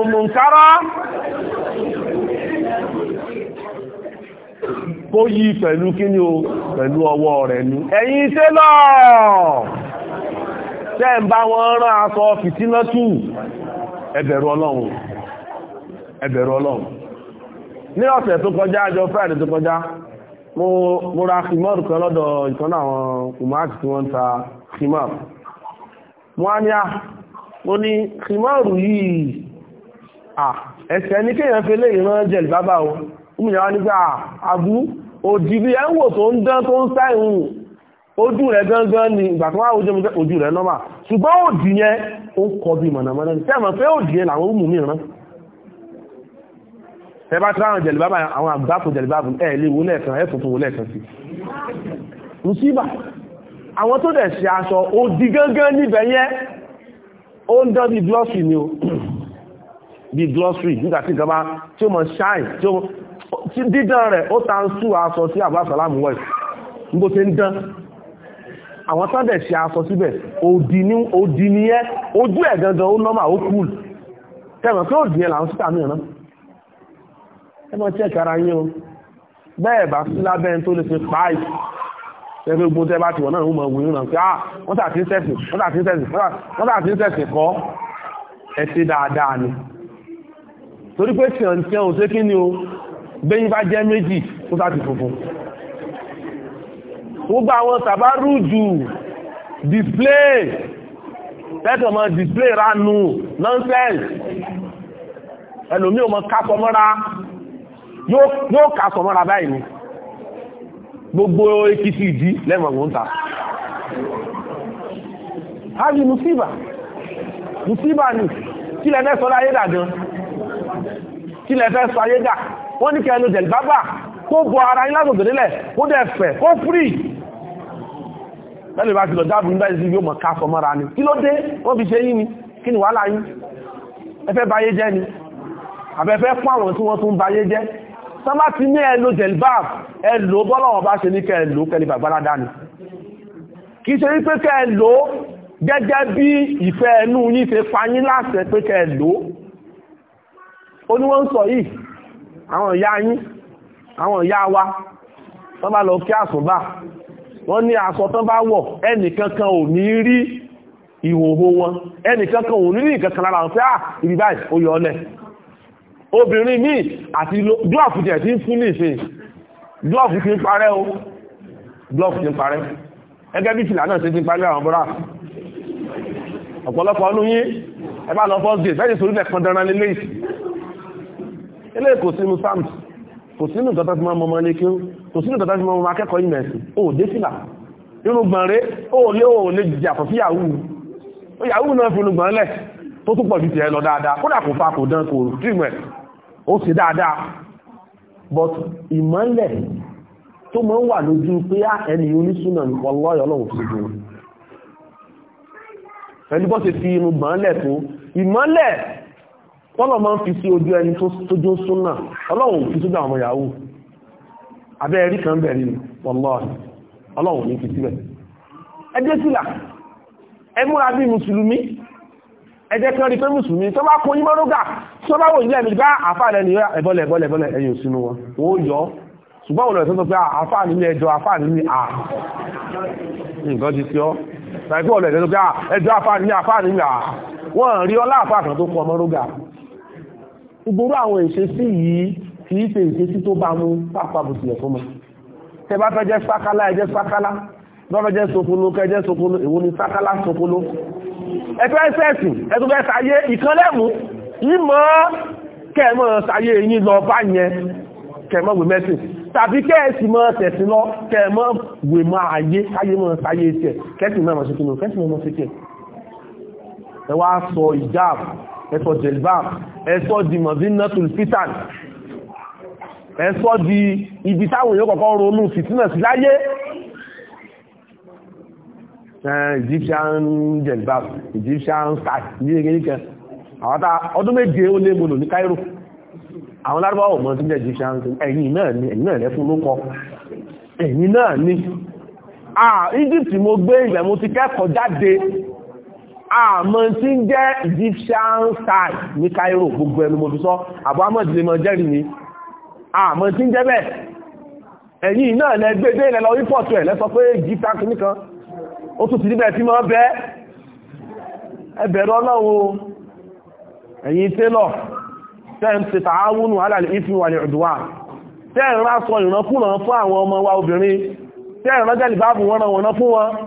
kó yí pẹ̀lú kíní o pẹ̀lú ọwọ́ rẹ̀ ní ẹ̀yin télọ̀ tẹ́ ń bá wọn rán aṣọ fìtínà tù ẹ bẹ̀rù ọlọ́run ẹ bẹ̀rù ní ọ̀sẹ̀ tó kọjá àjọ friday tó kọjá mo ra khimar kan lọ́dọ̀ ìkan àwọn kùmáàtì tí wọ́n ta khimar wọ́n á ní à mo ní khimar yìí à ẹ̀sẹ̀ ní kéèyàn fi lè rán jẹ̀lì bábá o múyàwá nígbà àbú òdì bí ẹ ń wò tó ń dán tó ń sáìhùn ojú rẹ̀ gangan ni ìgbà wá ojú rẹ̀ nọ́mà ṣùgbọ́n òdì yẹn ó kọ bí mọ̀nàmọ́ná bí glossy ni o bí glossy nígbà tí tí ó mọ shine tí ó dídán rẹ̀ ó ta ń sú aṣọ sí àbá sàlámù wẹ̀ níbo ṣe ń dán àwọn sábẹ̀ ṣe aṣọ síbẹ̀ òdì ni ẹ́ ojú ẹ̀ gangan ó nọ́mà ó kúl tẹ̀mọ̀ pé òdì yẹn làwọn síta mìíràn ẹ mọ̀ tí ẹ̀kẹ́ ara yín o bẹ́ẹ̀ bá sí lábẹ́ tó lè ṣe páì ẹgbẹ́ gbogbo tẹ́ bá ti wọ̀ náà ó mọ̀ wò ó ràn pé ah wọ́n tà ti ń sẹ̀sìn wọ́n tà ti ń sẹ̀sìn wọ́n tà ti ń sẹ̀sìn kọ́ ẹ ṣe dáadáa ṣe kí ni o bẹ́yìn bá jẹ́ méjì tó sáti funfun gbogbo àwọn tàbárù jù display tẹ́tọ̀ mọ́ display ránú nonsense ẹlòmí o mọ́ kápọ̀ mọ́ra yóò kásọ̀ mọ́ra báyìí ni gbogbo ekisi ìdí lẹ́mọ̀gbọ́n ta hajji musiba musiba ni kí lẹ́fẹ́ sọ láyé dà gan kí lẹ́fẹ́ sọ ayé dà wọ́n ní kẹlò jẹ̀lìbábà kó bọ ara yín látòkè nílẹ̀ kó dẹ̀ fẹ̀ kó fírì lẹ́lẹ̀ bá ti lọ dáàbò nígbà ìsìn yóò mọ̀ ká sọ mọ́ra ni kí ló dé wọ́n fi ṣe yín ni kí ni wàhálà yín ẹfẹ́ bayé jẹ́ ni àbẹ̀fẹ́ fún àwọn tí wọ́n tún bayé jẹ́ sọ́mà ti ní ẹlò jẹ̀lìbáb ẹlò bọ́lọ̀wọ̀ bá ṣe ní kẹlò kẹlì bàgbáradá ni kì í ṣe wípé kẹlò gẹ́gẹ́ bí ìfẹ́ ẹnu yín ṣe fayín láṣẹ pé kẹlò ó ní wọ́n ń sọ yìí àwọn ìyá yín àwọn ìyá wa tán bá lọ kí àsùnbà wọ́n ní aṣọ tán bá wọ̀ ẹnìkankan ò ní rí ìhòhò wọn ẹnìkankan ò ní rí ìkankan lára wọn pé à ah, ibi báyìí ó yọ ọlẹ̀ obìnrin míì àti glove jẹ̀ tí ń fún ní ìsìn glove ti ń parẹ́ o glove ti ń parẹ́ ẹgẹ́ bí fìlà náà ṣe ti ń parẹ́ àwọn bọ́rà ọ̀pọ̀lọpọ̀ ọdún yín ẹ bá lọ first day bẹ́ẹ̀ ni sórí lẹ́ẹ̀kan dandan lélẹ́yìí ilé kò sínú sams kò sínú ìtọ́tọ́ ti máa mọ́ mọ́ lékí kò sínú ìtọ́tọ́ ti máa mọ́ akẹ́kọ̀ọ́ ìmẹ̀sì ó dé sílà irúgbọ̀n rẹ̀ ó lé ó lè jàpọ̀ sí yahoo ó yahoo náà fi irúgbọ̀n lẹ̀ tó tún pọ̀ ju tiẹ̀ lọ dáadáa but ìmọ́lẹ̀ tó máa ń wà lójú pé á ah, ẹni onísùnà wọlọ́yọ̀ lọ́wọ́ sí ju pẹ̀lú bọ́ ṣe ìmọ́lẹ̀ tọ́lọ̀ máa ń fi sí ojú ẹni tó jó súnà ọlọ́run fi sójú àwọn ìyàwó abẹ́ ẹ̀rí kan bẹ̀rẹ̀ ni wọ́lọ́ọ̀rì ọlọ́run ní fi síbẹ̀ ẹjẹ́ sílà ẹ múra bí mùsùlùmí ẹjẹ́ kan rí pé mùsùlùmí tó bá kó yímọ́ lóga tó bá wò nílẹ̀ nígbà ah, àfáàlẹ̀ ni ẹ̀bọ́lẹ̀ ẹ̀bọ́lẹ̀ ẹ̀bọ́lẹ̀ ẹ̀yìn òsínú wọn wọ́n yọ ṣùgbọ́n òlò ẹ̀sọ́ pé ah, àfáà nílé ẹjọ́ àfáà nílé à ah. nǹkan ti fi ọ́ ṣàìpẹ́ gbogbo àwọn ìṣesí yìí kì í ṣe ìṣesí tó bá mú pápá bó tilẹ̀ fún mi tẹ bá fẹ́ jẹ́ sákálá ẹ jẹ́ sákálá bá fẹ́ jẹ́ sokolo kẹ jẹ́ sokolo èwo ni sákálá sokolo ẹ fẹ́ sẹ́ẹ̀sì ẹ tó fẹ́ sáyé ìkànlẹ́mù ìmọ̀ kẹ́ẹ̀mọ́ sáyé yín lọ bá yẹn kẹ́ẹ̀mọ́ wè mẹ́sì tàbí kẹ́ẹ̀sì mọ́ tẹ̀sí lọ kẹ́ẹ̀mọ́ wè mọ́ ayé káyé mọ́ sáyé tiẹ̀ kẹ́ẹ̀sì náà mọ̀ sí kí ẹ̀sọ́ jelbab ẹ̀sọ́ di mọ̀zínàtul fitan ẹ̀sọ́ di ibi táwọn èèyàn kọ̀kọ́ ronú fìtínà sí láyé egyptian jelbab egyptian sky ní ẹgbẹ̀rẹ̀ àwọ́ta ọdún méje ó lé mọ́lò ní Cairo àwọn lárúbáwò mọ́ sí egyptian ẹ̀yìn náà ni ẹ̀yìn náà lẹ́fún ló kọ ẹ̀yìn náà ni ah Egypt mo gbé ìgbẹ̀mú ti kẹ́kọ̀ọ́ jáde àmọ́ tí ń jẹ́ egyptian style ní Cairo gbogbo ẹnu mo fi sọ àbọ̀ ahmed lè mọ jẹ́rì ni àmọ́ tí ń jẹ́ bẹ́ẹ̀ ẹ̀yìn náà lẹ gbégbé ilẹ̀ lọ rípọ̀tù ẹ̀ lẹ́sọ pé egyptian kìíní kan ó tún ti níbẹ̀ tí mọ́ bẹ́ ẹbẹ̀rẹ̀ ọlọ́run ẹ̀yìn tẹ́lọ̀ tẹ́m ti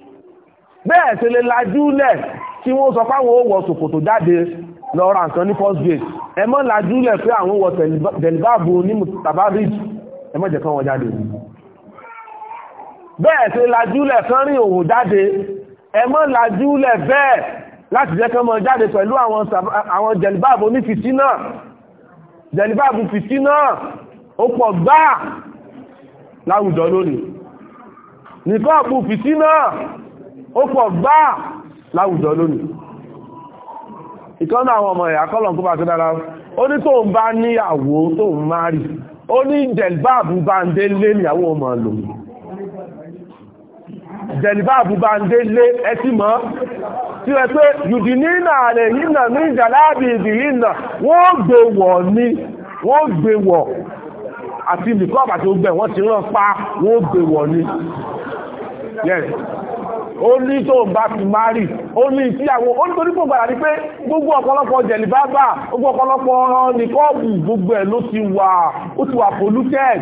bẹ́ẹ̀ ṣe lè lajúlẹ̀ tí wọ́n sọ páwọn ó wọ ṣòkòtò jáde lọ ra nǹkan ní first grade ẹ mọ́ lajúlẹ̀ pé àwọn wọ tẹ̀lifáàbù ní tabarid ẹ mọ́ jẹ́ kán wọn jáde bẹ́ẹ̀ ṣe lajúlẹ̀ kán rí òhun jáde ẹ mọ́ lajúlẹ̀ bẹ́ẹ̀ láti jẹ́ kán mọ́ jáde pẹ̀lú àwọn jẹ̀lifáàbù ní fìtínà jẹ̀lifáàbù fìtínà ó pọ̀ gbáà láwùjọ lónìí nìkan àpò fìtínà ó pọ̀ gbá láwùjọ lónìí ìkọ́nà àwọn ọmọ ẹ̀yà kọ́lọ̀ kó bá tó dára ó ní tó ń bá níyàwó tó ń má rí ó ní jẹ̀lbáàbù bá ń dé lé níyàwó ọmọ lò jẹ̀lbáàbù bá ń dé lé ẹtí mọ́ tí ẹ pé yùdínínà rẹ̀ yínà ní ìjàláàbì ìdìyínà wọ́n gbé wọ̀ ní wọ́n gbé wọ̀ àti ìlú kọ́ọ̀bà tó wọ́n ti rán pa wọ́n gbé wọ̀ yes ó ní tó bá fi márì ó ní ìtíyàwó ó ní torí pògbàrà ní pé gbogbo ọ̀pọ̀lọpọ̀ jẹ̀lìbábà gbogbo ọ̀pọ̀lọpọ̀ nìkọ́ọ̀bù gbogbo ẹ̀ ló ti wà ó ti wà polluted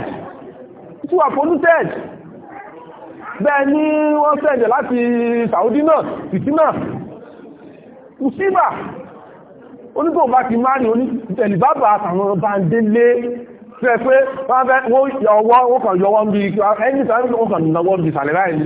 ti wà polluted bẹ́ẹ̀ ni wọ́n sẹ̀jẹ̀ láti Saudi náà títí náà kùsíbà ó ní tó bá fi márì ó ní jẹ̀lìbábà àtàwọn bandélé fẹ́ pé wọ́n yọ ọwọ́ wọ́n kàn yọ ọwọ́ ń bí ẹni tàbí wọ́n kàn bí sàlẹ̀ láìní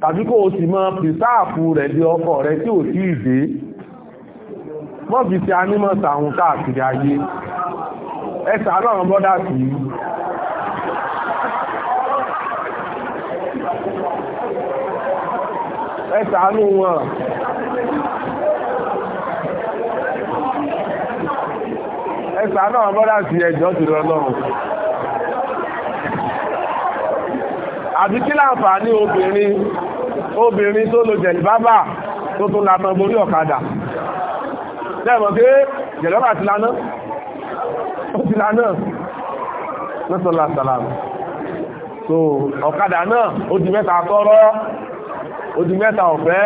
tàbí kó o sì máa pìsáàfù rẹ̀ di ọkọ rẹ̀ tí ò sí ìdé mọ́bí ti anímọ̀ sàhùn káàkiri ayé ẹ̀sà náà bọ́dá sí ẹ̀sà nù wọn ẹ̀sà náà bọ́dá sí ẹjọ́ ti lọ́lọ́run àti kí láǹfààní obìnrin obìnrin tó lo jẹ̀lìbábà tó tún lanà borí ọ̀kadà lẹ́mọ̀ pé jẹ̀lìbábà ti lanà ó ti lanà lọ́sọ̀lá sàlámù so ọ̀kadà náà ó di mẹ́ta tọ́rọ́ ó di mẹ́ta ọ̀fẹ́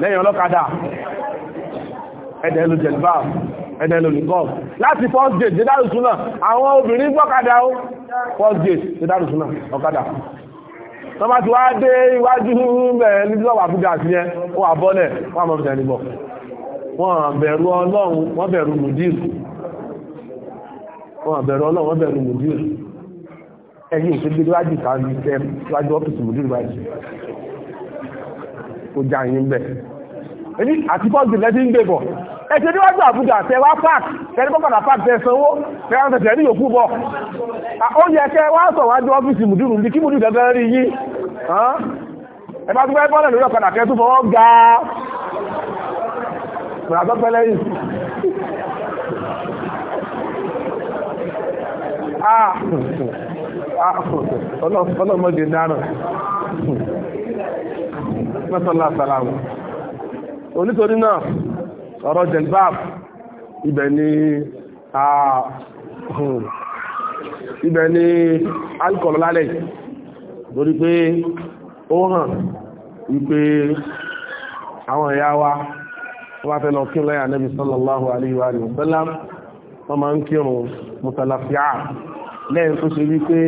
lẹ́yìn ọlọ́kadà ẹ̀dẹ̀ ló jẹ̀lìbábà ẹ̀dẹ̀ ló nìkọ́ láti fọ́ jẹ̀dẹ̀ dárùsùn náà àwọn obìnrin gbọ́kadà ó first gate ti dárò súnà ọ̀kadà wọ́n ti wá dé iwájú bẹ̀rẹ̀ nígbà wà fún gàásì wọ́n àbọ́lẹ̀ wọ́n àmọ́ bẹ̀rẹ̀ níbọ̀ wọ́n bẹ̀rù ọlọ́run wọ́n bẹ̀rù mùdíìrù ẹ̀yìn ìṣẹ́gbé níwájú ìtàn ìṣẹ́ níwájú ọ́fíìsì ó já yín èyí àti bọ́ọ̀dù lẹ́tí ń gbébọ̀ ẹ̀ṣẹ̀ níwájú àbújá tẹwà park tẹ́lẹ̀ pọ́pàdà park tẹ́ sanwó tẹ́wà tẹ̀tẹ̀ ní yòókù bọ̀ ó yẹ kẹ́ wá sọ̀ wájú ọ́fíìsì mùdúrù ní kí mùdúrù gẹ́gẹ́ rí yí ẹ bá dúpẹ́ bọ́ọ̀lù lórí ọ̀kadà kẹ́ tún fọwọ́ ga pẹ̀lú lẹ́yìn ọlọ́mọdé dáná mọ́sánlá sàlámù onítorí náà ọ̀rọ̀ jelbab ibẹ̀ ni ibẹ̀ ni alcohol lálẹ̀ lórí pé ó hàn wípé àwọn ìyá wa wọ́n fẹ́ lọ kí lẹ́yà nẹ́bí sallallahu alayhi wa sallam wọ́n máa ń kírun mutalafiya lẹ́yìn tó ṣe wípé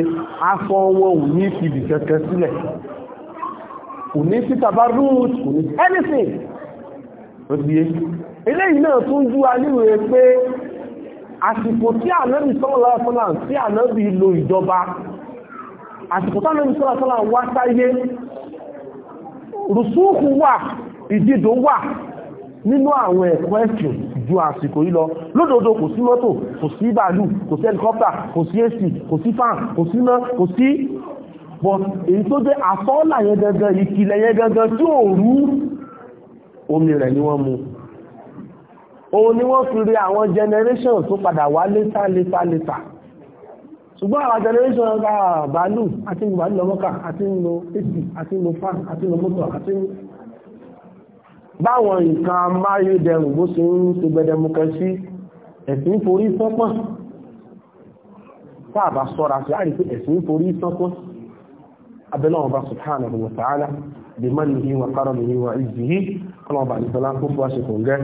afọ́wọ́ ò ní fìdí kẹ́kẹ́ sílẹ̀ kò ní sí tabarut kò ní anything òbíye eléyìí náà tún jú alíwò rẹ̀ pé àsìkò tí ànábì sọ́lọ́lá sọ́lá tí ànábì lo ìjọba àsìkò tí ànábì sọ́lá sọ́lá wá sáyé rùsúùkù wà ìdídò wà nínú àwọn ẹ̀kọ́ ẹ̀sìn ju àsìkò yìí lọ lódòdó kò sí mọ́tò kò sí bàálù kò sí ẹlikọ́pítà kò sí èsì kò sí fan kò sí iná kò sí but èyí tó jẹ́ àsọ́ọ́là yẹn gangan ìkìlẹ̀ yẹn gangan tí ò rú omi rẹ̀ ni wọ́n mu òun ni wọ́n fi rí àwọn generation tó padà wá létà létà létà ṣùgbọ́n àwọn generation ọ̀gá bàálù àti ìlú bàálù lọ́mọ́kà àti ìlú èsì àti ìlú fan àti ìlú mọ́tò àti ìlú báwọn nǹkan amáyédẹrùn bó ṣe ń ṣe gbẹdẹmukẹ sí ẹ̀sìn forí sọ́pọ̀n fáàbà sọ́ra sí láàrín bá subhanahu wa bimanihi wa karamihi wa izihi ọlọ́ọ̀bà nìtọ́lá kó fún àṣekò ń gẹ́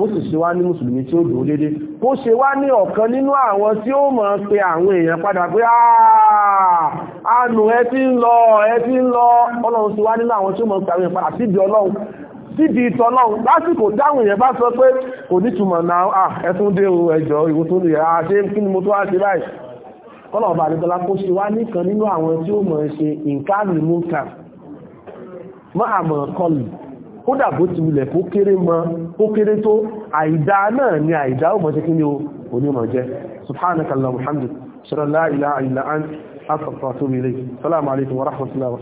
ó sì ṣe wá ní mùsùlùmí tí ó dùn dédé kó ṣe wá ní ọ̀kan nínú àwọn tí ó mọ̀ pé àwọn èèyàn padà pé àánú ẹ ti ń lọ ẹ ti ń lọ ọlọ́run ti wá nínú àwọn tí ó mọ̀ pé àwọn èèyàn padà síbi ọlọ́run síbi ìtọ́ ọlọ́run lásìkò táwọn èèyàn bá sọ pé kò ní túmọ̀ náà ẹtún dé o ẹjọ́ ìwò tó nìyà àṣẹ kí ni mo tó wá ṣe báyìí ọlọ́run bá nìtọ́lá kó ṣe wá nìkan nínú àwọn tí ó mọ̀ ṣe nǹkan àmì mú kàn máa mọ̀ kọlù kódà bó ti wulẹ̀ kó kéré mọ́ kó kéré tó àìdá náà ni àìdá ó mọ̀ sí kí ni onímọ̀ jẹ́ subhanakallahu alhamdulillah ṣe rọ̀